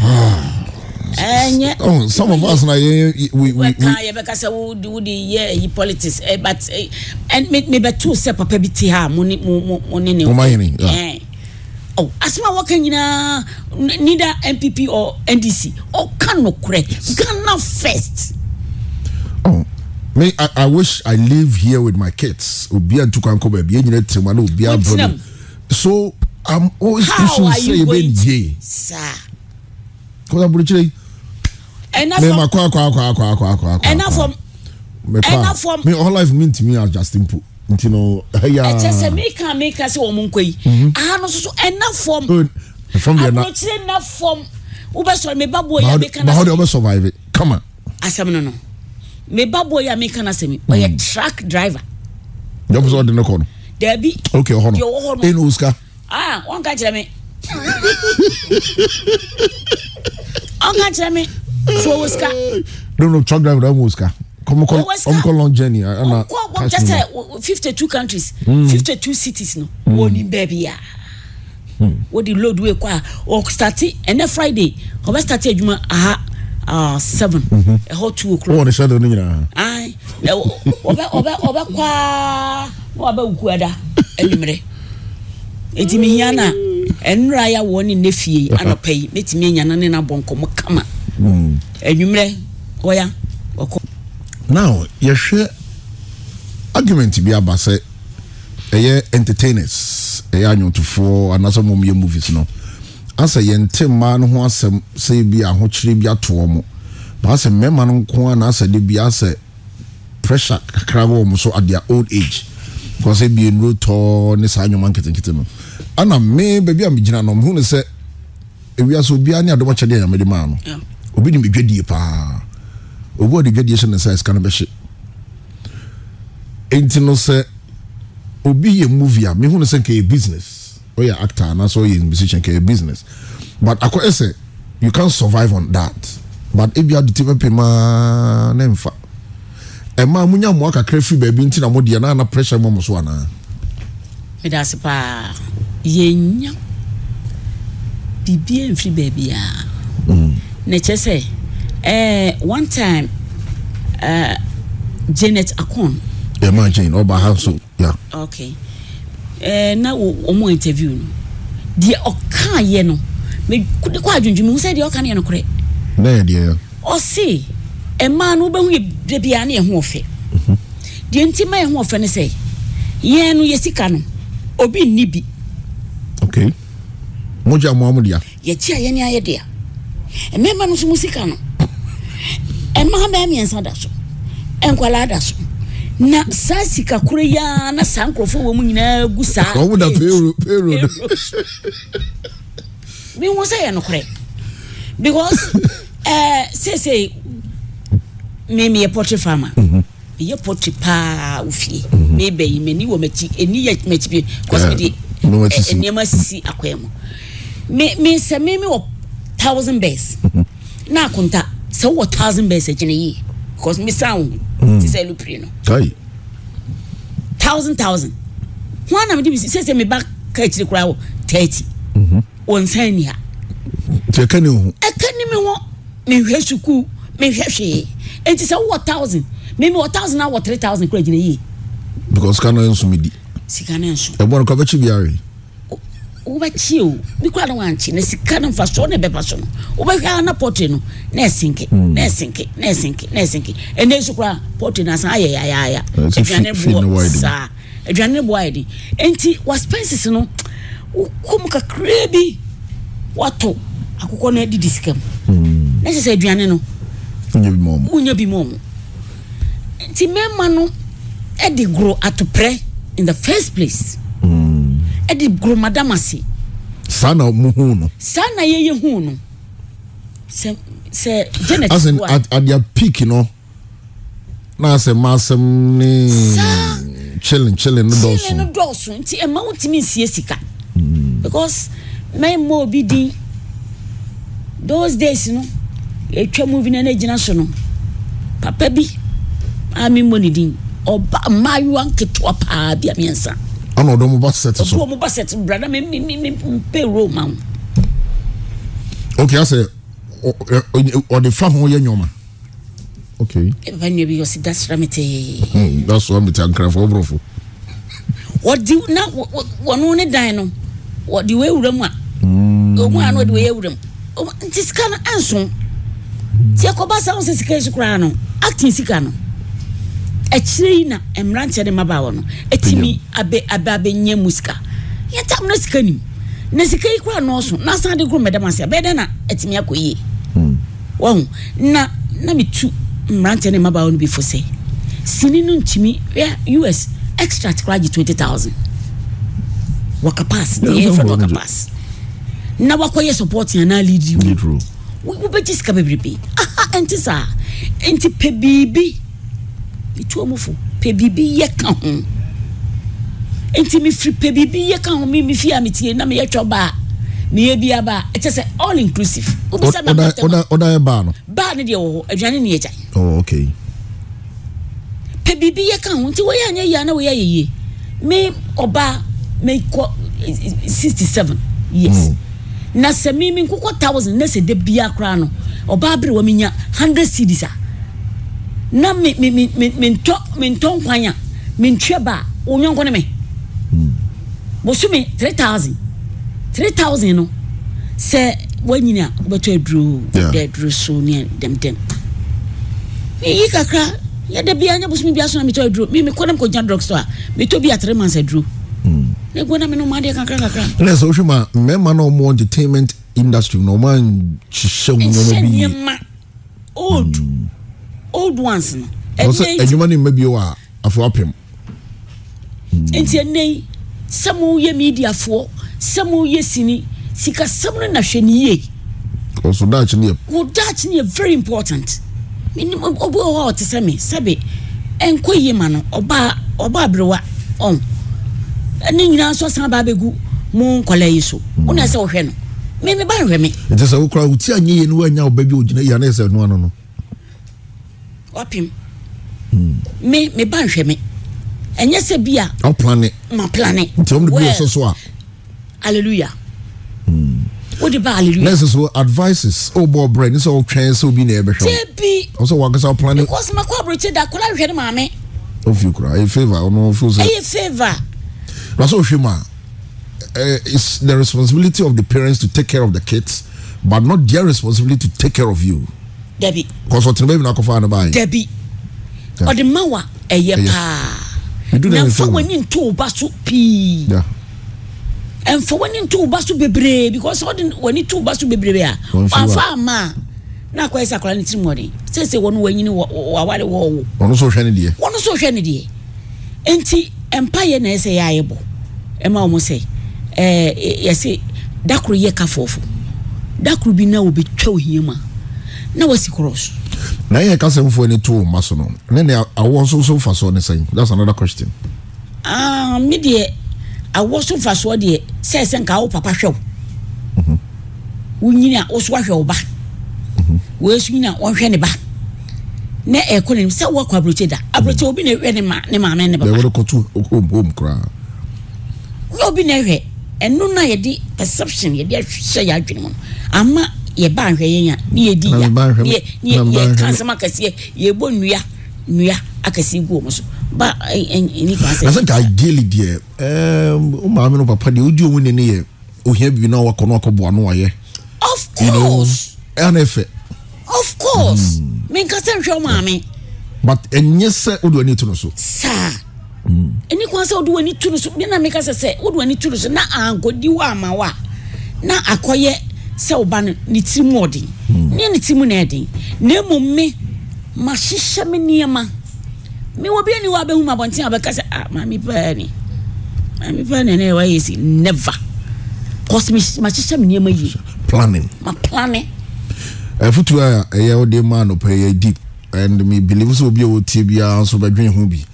Ah, ɛnyɛ eh, oh some of us na ye we we we yɛ bɛ kasa wo di wo di yɛ eyi politics ɛ eh, but ɛ eh, ɛ mi bɛ tu sɛ papa bi ti ha mo ni mo mo mo ni ne o. mo ma yiri ɛn ɔ asoma waka nyinaa nida npp or ndc ɔka oh, nokorɛ ghana first. ɔ oh, me i i wish i live here with my kids obi a ntukwa nkɔ baabi enyina tirima na obi so i'm always pushing say ebe n kọsa burukyire yi mɛma kɔ akɔ akɔ akɔ akɔ akɔ akɔ ɛna fɔm ɛna fɔm mi all life mi ntumi adjusting po nti no ɛyà ɛkyɛ sɛ mi kan mi kan sɛ wɔn nkɔ yi aha no soso ɛna fɔm aburukyire na fɔm wobɛ sɔrɔ mi ba bo ya mi kan na sɛmi bahɔ de ɔbɛ survive kama asɛm no no mi ba bo ya mi kan na sɛmi ɔyɛ truck driver jɔnmu sɔ ɔdi ne kɔ no dɛbi ok ɔhɔ no deɛ ɔwɔ hɔ no ɛna osika aa wɔn ka kyerɛ mi. ɔnka kyerɛ me so ɔwɔ sika no no truck driver ɛwɔ sika ɔmkɔ long journey ana ɔkɔ just sɛ eh, fifty two countries hmm. fifty two cities no wɔn ni baabi a wɔde load wey kɔ a ɔstati ɛnɛ friday ɔbɛstati adwuma aha uh, seven ɛhɔ two o'clock. wọn ni sẹdọ ni nyinaa. ayi ọbẹ ọbẹ ọbẹ kwaa wọn abẹ wuku ẹda ẹnumere eti mi hiya naa ɛnura yɛ wɔ ne ne fie anɔpɛ yi mɛtumi nya no ne no abɔ nkɔmmɔ kama anwummerɛ hmm. wɔya wɔkɔ now yɛhwɛ argument bi aba sɛ ɛyɛ entertainers ɛyɛ anwontofoɔ anaasɛ mom yɛ movies no asɛ yɛnte mmaa no ho asɛm sɛ bi ahokyere bi ato wɔ mo ba asɛ mmarima no nko a naasɛ de bi asɛ pressure kakra wɔ mo so at their old age kɔ sɛ bie nnuro tɔɔ ne saa nnwoma nketenkete no ana me baabi a megyina no mehu ne sɛ ewiase obiara ne adom akyɛdeɛ nyame de maa no obi ne medwadie paa obi a ɔde dwadie hyɛ ne nsa ɛsika no bɛhye enti no sɛ obi yɛ movie a mehu ne sɛ nka business ɔyɛ actor anaasɛ ɔyɛ musician nka yɛ business but akɔyɛ sɛ you can survive on that but ebi adi ti pepe maa ne nfa ɛmaa mu nya mmoa kakra firi baabi nti na mo deɛ na ana pressure mo mo so anaa yɛnya biribi mfiri baabiaa mm. na kyɛ sɛ ɛɛ eh, one time uh, janet akon. ẹ máa jẹ ìnáwó bá a so ya. ok ẹ eh, na ọmọ interview no deɛ ɔka no mɛ kó adwundwumi n sɛ deɛ ɔka no yɛ no korɛ. ne yɛ deɛ. ɔsi mmaa no bɛhu yɛ bebia ne yɛ ho ɔfɛ mhm. deɛ nti ma yɛ ɔfɛ ne sɛ yɛn no yɛ no obi nni bi. Okay, mogya mmoa mu dea yɛkyi a yɛne ayɛ dea mmarima no nso mu sika no mmaa bɛɛ mmiɛnsa da so nkwalaa da so na saa sika koro eh, mhm. mhm. yi ara na saa nkurɔfoɔ wɔ mu nyinaa gu saa wɔn da peero sɛ yɛ nokorɛ because ɛɛ seesei mi mi yɛ pɔtri farmer mi yɛ pɔtri paa ofie mi bɛyi mi wɔ m'akyi eni yɛ m'akyi bi kɔsi mi di. Eh, nneɛma sisi akɔɛ mu me me sɛ me me wɔ thousand bears mhm. na akonta sɛ wowɔ thousand bears agyina yie because me san wo mhm. ti sɛ lupiri no thousand thousand ho ana mede bisi sɛ sɛ meba ka akyiri koraa wɔ thirty mhm. wɔnsan ni ha ɛka ne ho ɛka ne me ho mehwɛ sukuu mehwɛ hwee enti sɛ wowɔ thousand meme wɔ thousand a wɔ three thousand koraa gyina yie because ka no nso sika ne nso. ɛbɔ no kɔ bɛkyi biara. wobɛkyi o bi kora ne wankye na sika no mfa so ne bɛba so no wobɛhwɛ a na pɔte no na ɛsenke na ɛsenke na ɛsenke na ɛsenke ɛnɛ nso koraa pɔte no asan ayɛ yayaya aduane boɔ saa aduane no boɔ ayɛ den enti waspenses no wokɔm kakraa bi wato akokɔ no adidi sika mu hmm. na kyɛ sɛ aduane no wonya bi mɔ mo nti mmarima no ɛde goro atoprɛ in the first place. ɛde mm. goro madam ase. saa na mo hu no. saa na yɛyɛ hu no sɛ sɛ janet wa. asin at at their peak no na asɛ maasɛm ne. saa chilling chilling no dɔɔso. chilling no dɔɔso nti ɛma wo timi nsie sika. Hmm. because mɛn mɔ obi din those days no etwa mu bi na ne gyina so no papa bi a mi mɔ ne din ɔba mmaayewa nketewa paa bi a mmiɛnsa. ɛna ɔdɔ mo ba sɛti so ɔdɔ mo ba sɛti brada mi mi mi mi mpe ro ma ho. ok asɛ ɔde fa ho yɛ nyɔma. ok. ɛbɛnni bi yɔsi dasira mi tee. dasira mi tee ankarafo ɔborɔfo. wɔdi na wɔn ne dan no wɔdi wo ewura mu a. ɔmu hmm. ano de wo yɛ ewura mu nti sika no anso tiɛ kɔba sa ho sika esu koraa no acting sika no. Mm akyire yi na mmeranteɛ ne mmabaawa no atumi abe abe abɛnyɛ mu sika yɛn tam na sika nim na sika yi kora nɔɔso na asan de kuro mɛdɛm ase abɛɛ dɛ na atumi akɔ yie hmm. wɔn na na mi tu mmeranteɛ ne mmabaawa no bi fo sɛ sini no ntumi yɛ us extra kora gye twenty thousand wɔka pass deɛ yɛn fɛ no pass na wakɔyɛ support yɛn na lead you wobɛgye sika bebrebe aha ɛnti saa ɛnti pɛ biribi metu ɔmo fo pɛ biribi yɛ ka ho nti mefiri pɛ biribi yɛ ka ho mi mi fi a tie na mi yɛ twɛ baa mi yɛ bi aba ɛkyɛ sɛ all inclusive. obisa oh, mi akɔtɛ ma ɔdan yɛ baa no. baa ne deɛ wɔ hɔ aduane ne yɛ gya. ɔɔ ok. pɛ biribi yɛ ka ho nti wɔyɛ anyɛ yie ana wɔyɛ yie mi ɔbaa mi kɔ sixty seven years. Mm. na sɛ mi mi nkokɔ thousand na sɛ de bia koraa no ɔbaa bere wɔ mi nya hundred cedis a na mi mi mi mi mi ntɔ mi ntɔ nkwanya mi ntwe ba onyɔnko ne hmm. mi bosumi three thousand three thousand no sɛ wɔnyini a wɔbɛtɔ aduro wɔbɛtɔ aduro so ne dɛmdɛm yi kakra yɛda bia nyɛ bosumi bia so na mi tɔ aduro mi mi kɔ ne mi kɔ gya drug store a mi tɔ bi a three months aduro hmm. ne gbɔ na mi no mu adeɛ kakra kakra. ɛnna sɛ wohwɛ ma mmarima na wɔn entertainment industry na wɔn ahyehyɛ nneɛma bi. ɛhyɛ nneɛma old. Mm old ones no. ɛnɛ ɛdwuma ni mma bi wɔ a afɔ apem. nti ɛnɛ yi sɛ mo yɛ miidiafoɔ sɛ mo yɛ sini sika no na hwɛ ni yie. ɔsɔ daakye ni yɛ. wɔ daakye ni yɛ very important minim ɔbɔ hɔ a ɔte sɛ mi sɛbi ɛnkɔ yie ma no ɔbaa ɔbaa aberewa ɔn ɛne nyinaa nso san ba abegu mu nkɔla yi so wɔn na sɛ ɔhwɛ no mɛmi ba nhwɛ mi. ɛtɛ sɛ wokora wotia nye yie no woanya ɔbɛ bi ogyina yi a sɛ ɛnoa no no ɔpem hmm. me me ba nhwɛ me ɛnyɛ sɛ bi a. ɔplane. ma plane. nti wɔn de bi ɔsɛ so a. hallelujah. Hmm. o de ba hallelujah. nurse so advices o bɔ brɛ nisɔn o twɛn sɛ obi na ɛbɛ hwɛ. tebi. ɔsɛ wɔn akasa ɔplane. because ma kɔ aburukye da kola hwɛ ne maame. o fi kura e eye favour ɔno o fi sɛ. eye favour. raso ohwe mu eh, it's the responsibility of the parents to take care of the kids but not their responsibility to take care of you dabi. kɔsɔtun bɛɛ bɛna kɔfɔ anu b'a ye. dabi ɔdi ma wa ɛyɛ paa nanfa wani ntu o ba so pii ɛnfa wani ntu o ba so bebree because ɔdi wani ntu o ba so bebree a wafa ama n'a kɔ ɛsɛ ni ne ti mu ɔdi sese wɔn wɔnyini wawari wɔwɔ. wɔn nso hwɛ ne deɛ. wɔn nso hwɛ ne deɛ nti mpa yɛ na ɛsɛ yɛ ayɛ bɔ ɛma wɔn sɛ ɛɛ yɛsɛ dakoro yɛ ka fɔɔfɔ dakoro bi na o bɛ twɛ o hiɛ na wasi cross. na yɛ kasa nfuo ni to o ma so no ne ne awɔ nso so fa soɔ ne sɛn that's another question. aa ah, mi deɛ awɔ so fa soɔ deɛ sɛɛsɛ nka awo papa hwɛw wonyini mhm. a woso ahwɛ ba mhm. woesu nyini a wɔnhwɛ ne ba ne ɛkɔ ne nim sɛ wɔkɔ aburokye da aburokye mhm. obi na ehwɛ ne ma ne maame ne baba. bɛɛ wɔde kɔtu home home koraa. na obi na ehwɛ ɛnu na yɛde perception yɛde ahyɛ yɛ adwene mu ama yɛ ba ahwɛ yɛn a ne yɛ di ya ne yɛ kan sama kɛseɛ yɛ bɔ nnua nnua akɛse gu wɔn so ba ɛni kwan sɛ. Asante ka ideally deɛ ɛɛ o maame no papa deɛ o di omu ne yɛ ohia bibi na wakɔ na wakɔ bɔ ano wayɛ. of course ɛyà na of course mi hmm. nka sɛ nhwɛ o maame. but ɛnyɛ sɛ o de wani to no so. saa hmm. ɛni kwan sɛ o de wani to no so ne na mi ka sɛ sɛ o de wani to no so na ankodi wa ama wa na akɔyɛ sɛ ɔba no ne ti mu ɔden hmm. ne ne ti mu na ɛden na mmom me ma hyehyɛ me nneɛma me wɔ bi ani wɔ abɛhu mu abɔnten abɛka sɛ ah maame pɛɛ ni maame pɛɛ ni ɛna ɛwɔ ayɛ si never cause me ma hyehyɛ me nneɛma yie planning ma planning. ɛfutu a ɛyɛ ɔde mu anɔpɛ yɛ deep and me believe sɛ obi a wɔtie biara nso bɛdwen ho bi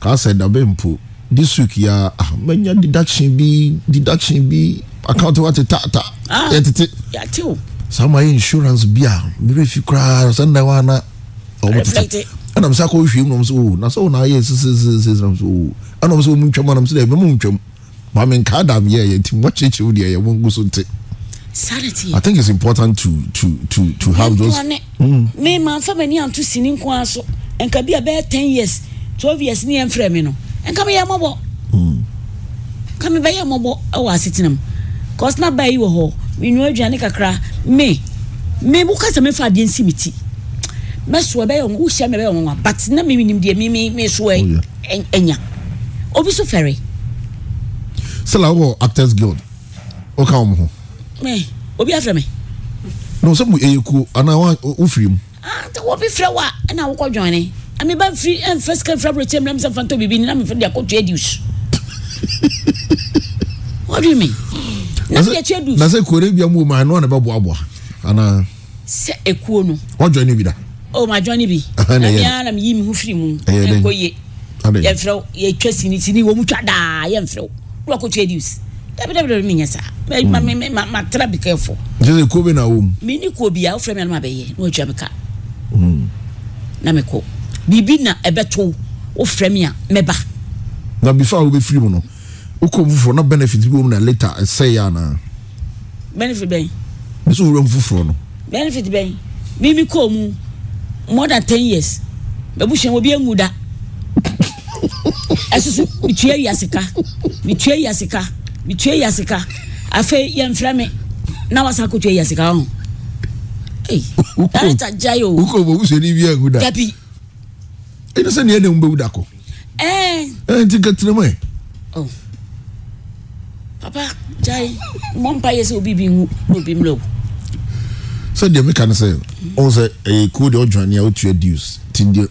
kaa sɛ dabe mpo this week yɛ a ah manya deduction bi deduction bi account wa te ta ta yɛ tete saa ma yɛ insurance bi a bere fi koraa sɛ ndan wa na ɔmo tete ɛna mo sɛ akɔ hwiem na mo sɛ o na sɛ o na ayɛ sisisisisi na mo sɛ o ɛna mo sɛ o mu ntwam na mo sɛ ɛbɛ mu ntwam maame nka adam yɛ yɛ ti mo akyerɛkyerɛw deɛ yɛ mo ngu so nte. sanity. i think it's important to to to to have those. mi maa nfa bɛ ni yan tu sini nko aso nka bi a bɛ ten years twelve years ni yɛn fira mi no nka mi yɛ mɔbɔ nka mi bɛ yɛ mɔbɔ ɛwɔ asetena mu cause na baa yi wɔ hɔ menua aduane kakra me me wokasa mefa adeɛ nsi me ti mɛsoa bɛyɛ ɔnwa wohyia me bɛyɛ ɔnwa but na menim deɛ mesoa oh, ɛnya obi so fɛre sɛla wowɔ actors guild woka wɔ mo ho obi afrɛ me no sɛ mu ana kuo anaa wofiri mu wɔbi ah, frɛ wo a ɛna wokɔ dwane ameba mfiri ɛmfɛ sika mfra borɔkyɛ mmra msɛ mfa ntɔ biribi ni na mefa de akɔtoa adiws what do you mean na sɛ kore bia mu ma ɛno ana bɛboaboa anaa sɛ ekuo no ɔjɔ ne bi da o oh, ne bi ɛmia na mi yi mi ho firi mu ɛnkɔ ye yɛmfrɛw yɛtwa sini sini wɔ mu twa daa yɛmfrɛw wura ko twa diws dabi dabi saa mɛ ma mɛ ma ma tera bi kɛ fɔ. jese ko bɛ na wo mu. mi ni ko bi a o fɛn mi a na mi kɔ bibi na ɛbɛ to o a mɛ na bifa awo bɛ mu no wokɔ mu na benefit bi wɔm na later ɛsɛ yɛ anaa benefit bɛn bɛ so wura no benefit bɛn mimi kɔɔ mu more than ten years bɛbuhyɛn obi engu da ɛsoso mitua yi asika mitua yi asika mitua yi asika afei yɛn fira mi na wasa kotua yi asika ɔn ee gya yi o wukɔ bɔ wusu ni bi engu da dabi ɛyìn sɛ ni ɛna mu bɛ wu da kɔ ɛɛ ɛyìn ti kɛ tẹnɛmɔ yɛ papa gyae mɔmpa yɛ sɛ obi bi nwu na obi mmerɛ wo sɛdeɛ meka no sɛ ɔhu sɛ ɛyɛ kuo deɛ ɔdwane a wotua dus tindeɛ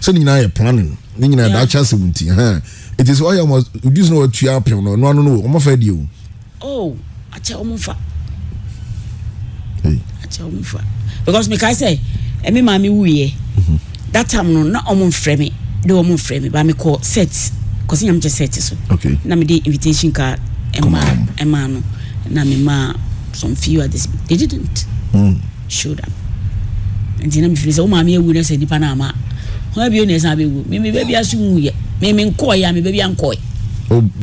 sɛne nyinaa yɛ planning ne nyinaa daakye asɛm nti ha eh, eh. ɛti sɛ ɔyɛ ma dus no watua apem no ɔno ano no ɔmɔfa deɛ o oh, akyɛ ɔmomfa akyɛ ɔmomfa because mekae sɛ eh, ɛme maame wuyɛ mm-hmm. that time no na ɔmo mfrɛ me de ɔmo mfrɛ me ba mekɔ set kɔsi nyamkyɛ set so na mede invitation card ɛmaa ɛmaa no na me some few others they didn't mm. show them nti na mefiri sɛ wo maame awu na sɛ nipa no ama hɔ bio na ɛsan bɛwu meme baabi aso wuyɛ meme nkɔɔyɛ a me baabi ankɔɛ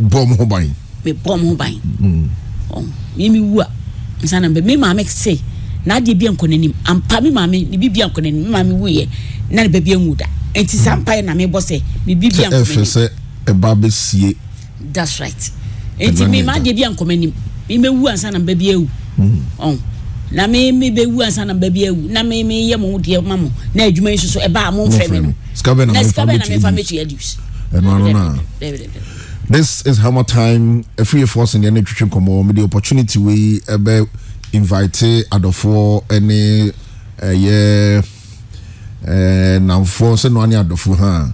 bɔ m ho ban mebɔ m ho ban memewu a nsa na me maame se na adeɛ bi ankɔ n'anim ampa me maame ne bibia ankɔ n'anim me maame wuyɛ na ne baabi anwu da nti saa hmm. mpaeɛ na mebɔ sɛ me bibia ankɔ n'anim ɛfɛ sɛ ɛba bɛsie that's right nti mi maa deɛ bi ankɔmɛ nim mi bɛ wu ansa na mbɛ bi ewu mhm. ɔn na mi mi bɛ wu ansa na mbɛ bi ewu na mi mi yɛ mo deɛ ma mo na adwuma yi soso ɛbaa mo nfɛ mi no na mi fa mi tu yɛ dius. this is how much time efiri efo ɔsɛn deɛ ne twitwi nkɔmɔ mi de opportunity wei ɛbɛ invite adɔfoɔ ɛne ɛyɛ ɛɛ namfoɔ sɛ nua ne adɔfoɔ hã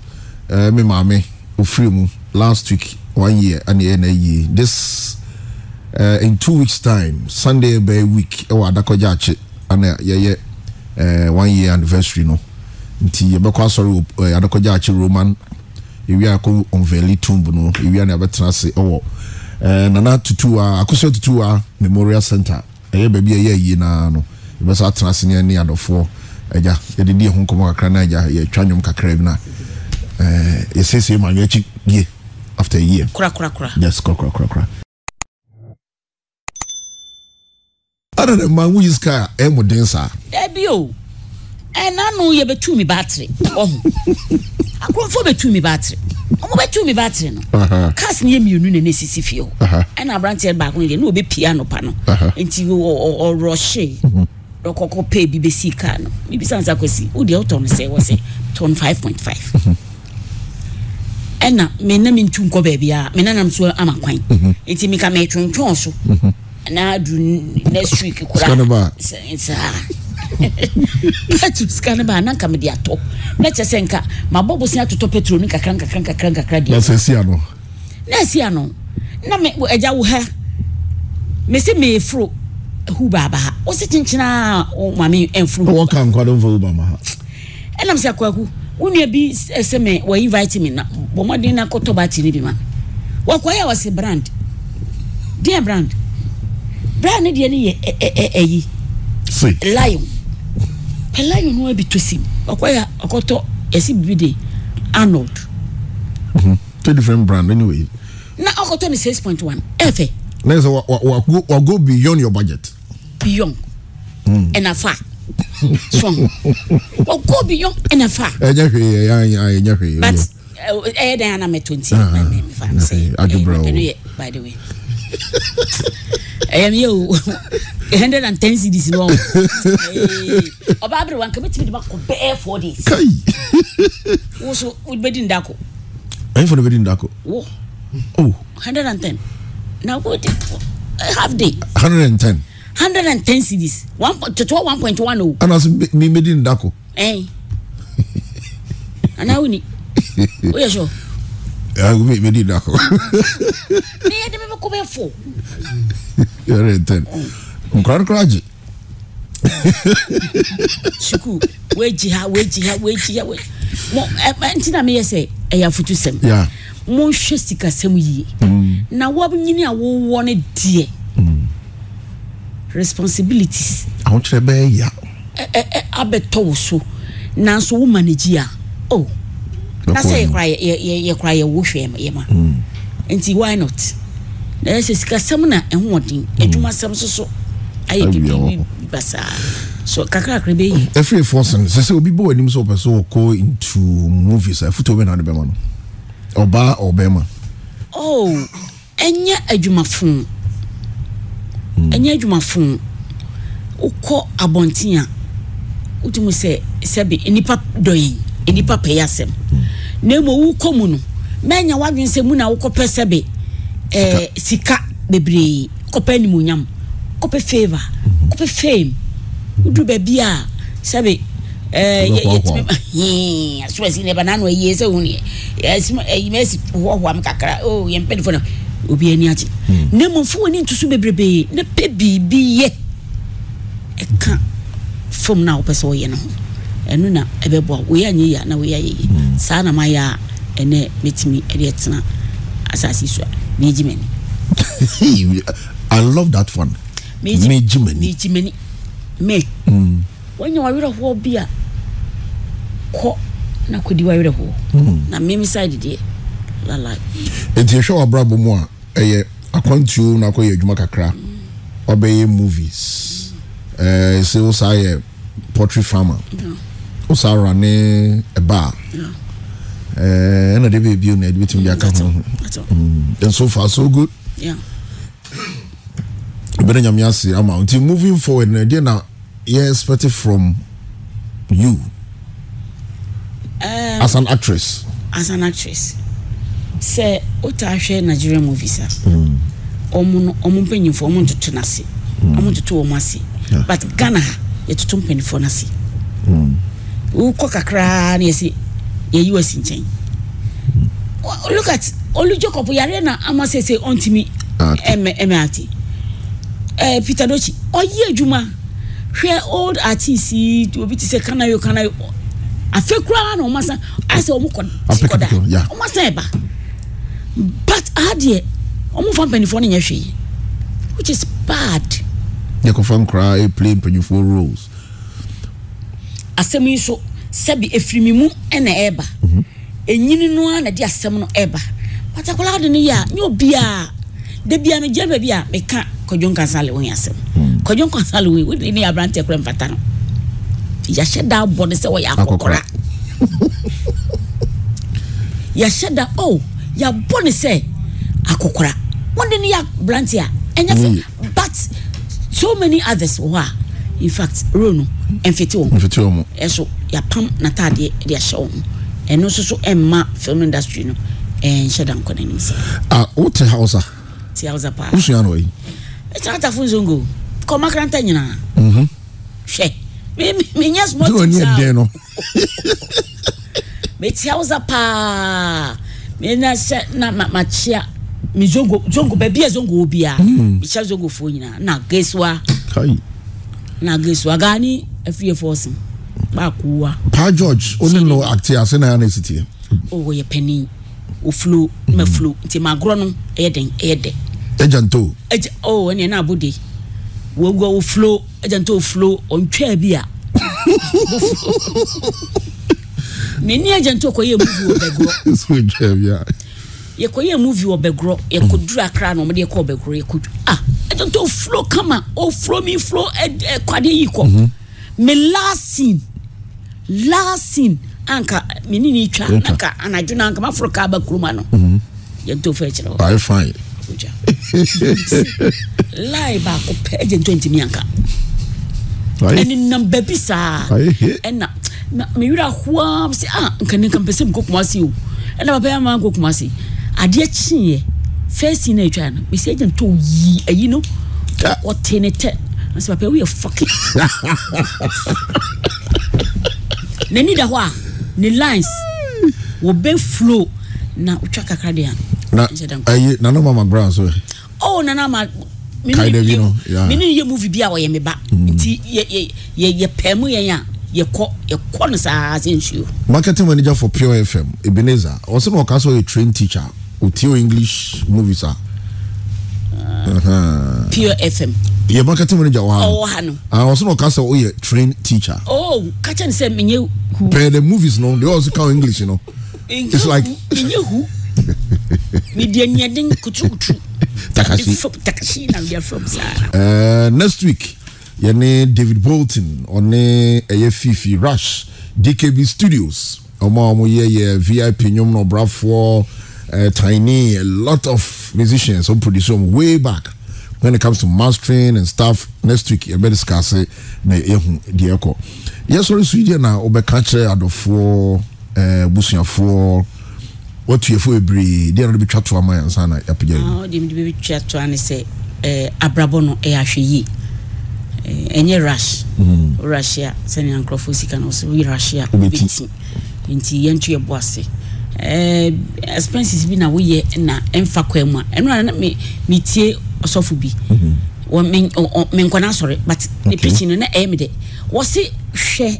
ɛɛ mi maame ofiri mu last week one year and the na yie this uh, in two weeks time sunday by week Oh, adakɔgya akyi ɛna yɛyɛ uh, one year anniversary no nti yɛbɛkɔ asɔre uh, adakɔgya akyi roman ewia akɔ onveli tomb no ewia na yɛbɛtena ase ɛwɔ uh, nana tutuwa akosua tutuwa memorial center ɛyɛ eh, baabi ɛyɛ yie naa no yɛbɛsɛ atena ase ne ɛne adɔfoɔ ɛgya yɛde di ɛho nkɔmɔ kakra na ɛgya yɛtwa nnwom kakra bi na ɛɛ yɛsiesie ma nwɛ akyi yie after a year. Kura, kura, kura. Yes, kura, kura, kura, kura. Other than man, who is car, Emo eh, Densa. Ebio. Eh, And I know you betu me battery. Oh. I come for betu mi battery. ọmọ bẹ tún mi bá tiri no uh-huh. cars ni yẹ mmienu uh-huh. eh, na n'esisi fie o ẹna aberanteɛ baako yɛ n'o bɛ pia no pa no nti ɔrɔ hyee ɔkɔkɔ pay bi bɛ si kaa no bibi sansa kɔ si o deɛ ɔtɔ sɛ wɔ sɛ tɔn five point five. Mm-hmm ɛna mhm. me mhm. na me ntu nkɔ baabi a na nanam so ama kwan nti mika me twentwɔn so na adu next week kora saa petro sika ne baa nanka mede atɔ na kyerɛ sɛ nka mabɔ bosin atotɔ petro no kakra nkakra nkakra nkakra deɛ na ɛsi ano na ano na me agya wo ha me si meeforo hu baabaa wo se kyenkyena maame ɛmforo hu wɔka nkwa do mfa hu baama ha ɛnam e sɛ wonua bi ɛsɛ me wɔyi vitamin na bɔ mmɔden na akɔtɔ baate no bi ma wɔkɔyɛ a wɔse brand deɛ brand brand no deɛ no yɛ ɛyi lion pɛ lion no abi to sim wɔkɔyɛ a ɔkɔtɔ ɛsi bibi de arnold mhm. two different brand anyway na ɔkɔtɔ ni six point one ɛfɛ e na yɛ sɛ wa wa wa go beyond your budget beyond ɛna mm. fa strong ɔkɔ bi yɔ ɛna fa. ɛnyɛ hwee ɛyɛ ɛnyɛ hwee. but ɛyɛ uh, dan ana mɛ tonti mɛ fa n sɛ adubra o by the way ɛyɛ mi yɛ o hundred and ten cds ni wɔn ɔba abiri wa nka mi ti mi di ma kɔ bɛɛ four days. kai woso bɛ di ndako. ɛyin fana bɛ di ndako. wo oh. hundred and ten na ko half day. hundred and ten. hundred and ten cds one tɔtɔ one point one o. ana so mi mi di ni dako. ɛn ana wuli o yɛ sɔ. ɛɛ mi mi di dako. ne yɛ dɛmɛ bɛ ko bɛ fo. yɛrɛ tɛ nkura nkura ji. suku weji ha weji ha wait, ha weji mo ɛ eh, ɛ eh, ntina mi say, eh, sɛ ɛyà futu sɛm. mo n hwɛ sikasɛm yie. Mm. na wa nyini a wɔwɔ ne deɛ. responsibilities. ahokyerɛ bɛyɛ ya. ɛ ɛ ɛ abɛtɔ wo so nanso wo manage a o oh. na sɛ yɛkora yɛ yɛkora yɛ wo hwɛ yɛ ma mm. nti why not na yɛ sɛ sikasɛm na ɛho ɔden adwumasɛm mm. soso ayɛ bibi basaa so kakrakra bɛ yi. efi efo sin sese obi bɔ wɛnim sɛ ɔpɛ sɛ ɔkɔ into movies afutu obi na adi bɛma no ɔbaa ɔbɛma. oh ɛnyɛ adwumafo ɛnyɛ adwumafo wokɔ abɔnten a wotumi sɛ sɛbi nipa dɔyɛn nipa pɛyɛ asɛm na mmom wokɔ mu no mɛnya wadwene sɛ mu na wokɔpɛ sɛbi ɛɛ sika bebree kɔpɛ nimonyam kɔpɛ favour kɔpɛ fame wodu baabi a sɛbi yɛtumi asomasi ne ba na ano ayie sɛ wo ne yɛ ɛsima hoahoa me kakra o yɛn obi ani agye hmm. na mmɔfo wɔ ne ntoso bebrebee na pɛ biribi yɛ ɛka fam no a wopɛ sɛ wɔyɛ no ho ɛno na ɛbɛboa woyɛ anyɛ yia na woyɛ ayɛ yi hmm. saa na mayɛ a ɛnɛ mɛtumi ɛde ɛtena asase so a meegye m'ani i love that one meegye m'ani meegye m'ani me hmm. wanya wawerɛhoɔ bi a kɔ na kɔdi wawerɛhoɔ na meme side nti ehwɛ wɔ abrabɔ mu a ɛyɛ akwantuo na akɔyɛ adwuma kakra ɔbɛyɛ movies ɛɛ eh, sɛ wosaa yɛ poultry farmer wosaa ra ne ɛbaa ɛɛ eh, ɛna de beebi na ɛde bitumi de aka ho mm. and so far so good ɛbɛn nyame ase ama nti moving forward na ɛdeɛ na yɛ expect from you um, as an actress as an actress sɛ wota ahwɛ nigeria movies a ɔmo no ɔmo mpanyinfoɔ ɔmo ntoto n'ase ɔmo ntoto wɔn ase but ghana ha yɛtoto mpanyinfoɔ n'ase mm. wokɔ kakraa na yɛsi yɛyi wɔ si nkyɛn look at olu jacob yare na ama sese ɔntumi ɛmɛ ɛmɛ ati ɛɛ peter dochi ɔyɛ adwuma hwɛ old artiste obi ti sɛ kanayo kanayo afɛ koraa na ɔmo asan ayɛ sɛ ɔmo kɔ si kɔ da ɔmo asan ɛba. but adeɛ ɔmo fa mpanyinfoɔ no nyɛ hwee which is bad. yɛ kɔfa nkoraa e play mpanyinfoɔ roles. asɛm yi nso sɛbi efirimi mu ɛna ɛɛba mhm. enyini noa na di asɛm no ɛɛba patakola de no yɛ a nye obia, debi a megye baabi a meka kɔdwo nkansale wɔn asɛm mm. kɔdwo nkansale wɔn wɔn ni aberanteɛ kura mfata no yɛahyɛ da abɔ ne sɛ wɔyɛ akɔkora yɛahyɛ da oh yabɔ ne sɛ akokora wɔn de ne yɛ aberante ɛnyɛ fɛ mm. but so many others wɔ a in fact role no ɛnfiti wɔn ɛnfiti wɔn ɛso yapam n'ataadeɛ de ahyɛ wɔn ɛno nso so ɛmma film industry no ɛnhyɛ da nkɔ n'anim sɛ. Ah, mhm. a o te hausa. te hausa paa o sua na oyi. ɛkyɛn ata fo nsongo kɔma kranta nyinaa. hwɛ mi nyɛ small things a. o ni ɛdɛn hausa paa mena sɛ na makyea me zongo zongo baabi a zongo wɔ biara mekyɛ zongo foɔ nyinaa na gesuwa na gesuwa gaani afie fɔɔsen baakowa. pa george o ni no ati ase na ya na esi tie. o wɔ yɛ panyin o fulo mɛ mm. fulo nti maa gorɔ no ɛyɛ dɛn ɛyɛ dɛ. ɛgya nto. ɛgya ɔɔ ɛni ɛna abo de wɔwɔ nto o fulo bi a mini agent okɔyɛ movie wɔ bɛgorɔ yɛkɔyɛ movie wɔ bɛgorɔ yɛkɔduru akra na ɔmde yɛkɔ bɛgorɔ yɛkɔdu ah agent ofuro kama ofuro mi furo ɛkwade e, e, yi kɔ mm-hmm. me last scene anka mini ni twa anka anadwo na anka maforo kaa ba kuruma no yɛnto fɛ kyerɛ hɔ fine lie baako pɛ agent ntimi anka ɛne nam baabi saa ɛna na mewura hoa sɛ ah nkane nka mpɛ sɛ mkɔ kumase o ɛna papa yɛma nkɔ kumase adeɛ kyeeɛ fɛsi na atwa no mesɛ agya ntɔ yi ayi no ɔte ne tɛ sɛ papa woyɛ fucking n'ani da hɔ a ne lines wɔbɛ flow na wotwa kakra de a na ayi nana mama brown so oh nana ma mene yɛ movie bi a ɔyɛ me ba mm. nti yɛ pɛ mu yɛn a yɛkɔ yɛkɔ no saa sɛ nsuo marketing manager for pure fm ebenezer ɔsɛ na ɔka sɛ ɔyɛ train teacher ɔtio english movies a uh-huh. pure fm yɛ marketing manager wɔ ha ɔwɔ ha no ah, ɔsɛ na ɔka sɛ ɔyɛ train teacher oh ka kyɛ ne sɛ menyɛ hu pɛɛ the movies no they also count english no it's like menyɛ hu mede aniaden kutukutu takasi takasi na mede from saa eh, next week yɛne david bolton ɔne ɛyɛ fifi rush dkb studios ɔmo a wɔyɛ yɛ vip nnwom na ɔbrafoɔ tiny a lot of musicians who produce them way back when it comes to mastering and stuff next week yɛbɛ discuss na ehu deɛ kɔ yɛsɔre so deɛ na ɔbɛka kyerɛ adɔfoɔ ɛɛ busuafoɔ wɔtuafo bebree deɛ na ɔde bi twa to ama yɛn nsa na yɛapagya yi. ɔde bi twa to ano sɛ ɛɛ abrabɔ no ɛyɛ ahwɛ yie ɛnyɛ eh, rush mm-hmm. rush a sɛnea nkurɔfoɔ sika no so rush a wobɛti nti yɛnto yɛbo ase eh, expenses bi na woyɛ na ɛmfa kwan mu a ɛno na metie ɔsɔfo bi mm-hmm. menkɔna asɔre but ne preaching no na ɛyɛ me dɛ wɔse hwɛ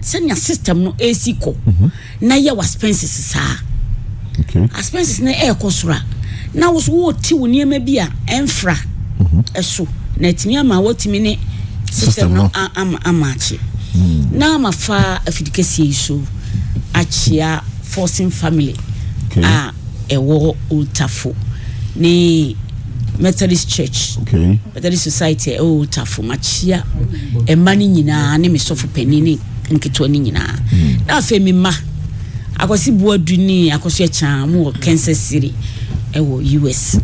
sɛnea system no ɛsi kɔ mm-hmm. na yɛ waspenses saa aspenses no ɛɛkɔ soro a na wo so wɔɔte wo nneɛma bi a ɛmfra ɛso na atumi ama woatumi ne system no ama ama akye hmm. na ama fa afidi yi so akyea forcing family a ɛwɔ oltafo ne methodist church okay. methodist society ɛwɔ oltafo makyea ɛma no nyinaa ne mesɔfo pani ne nketewa no nyinaa hmm. na afei me ma akwasi buwadu ne akwasi ɛkyan mu wɔ kansas city ɛwɔ us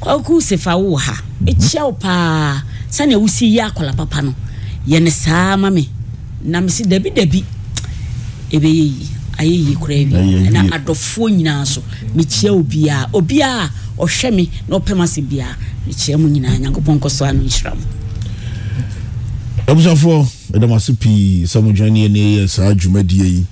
kwaku sefa wo ha ɛkyia wo paa sani ewusi yi akɔla papa no yɛ ne saa ma mi na mi si dabi dabi ebe yɛ yi ayɛ yi kura bi na adɔfoɔ nyinaa so mi kyia obiara obiara ɔhwɛ mi na ɔpɛ ma se biara mi kyia mu nyinaa nyankopɔn nkɔsɔ ano nhyira mu. abusuafoɔ ɛdɛm ase pii sɛ mo dwane ne ɛyɛ saa dwumadie yi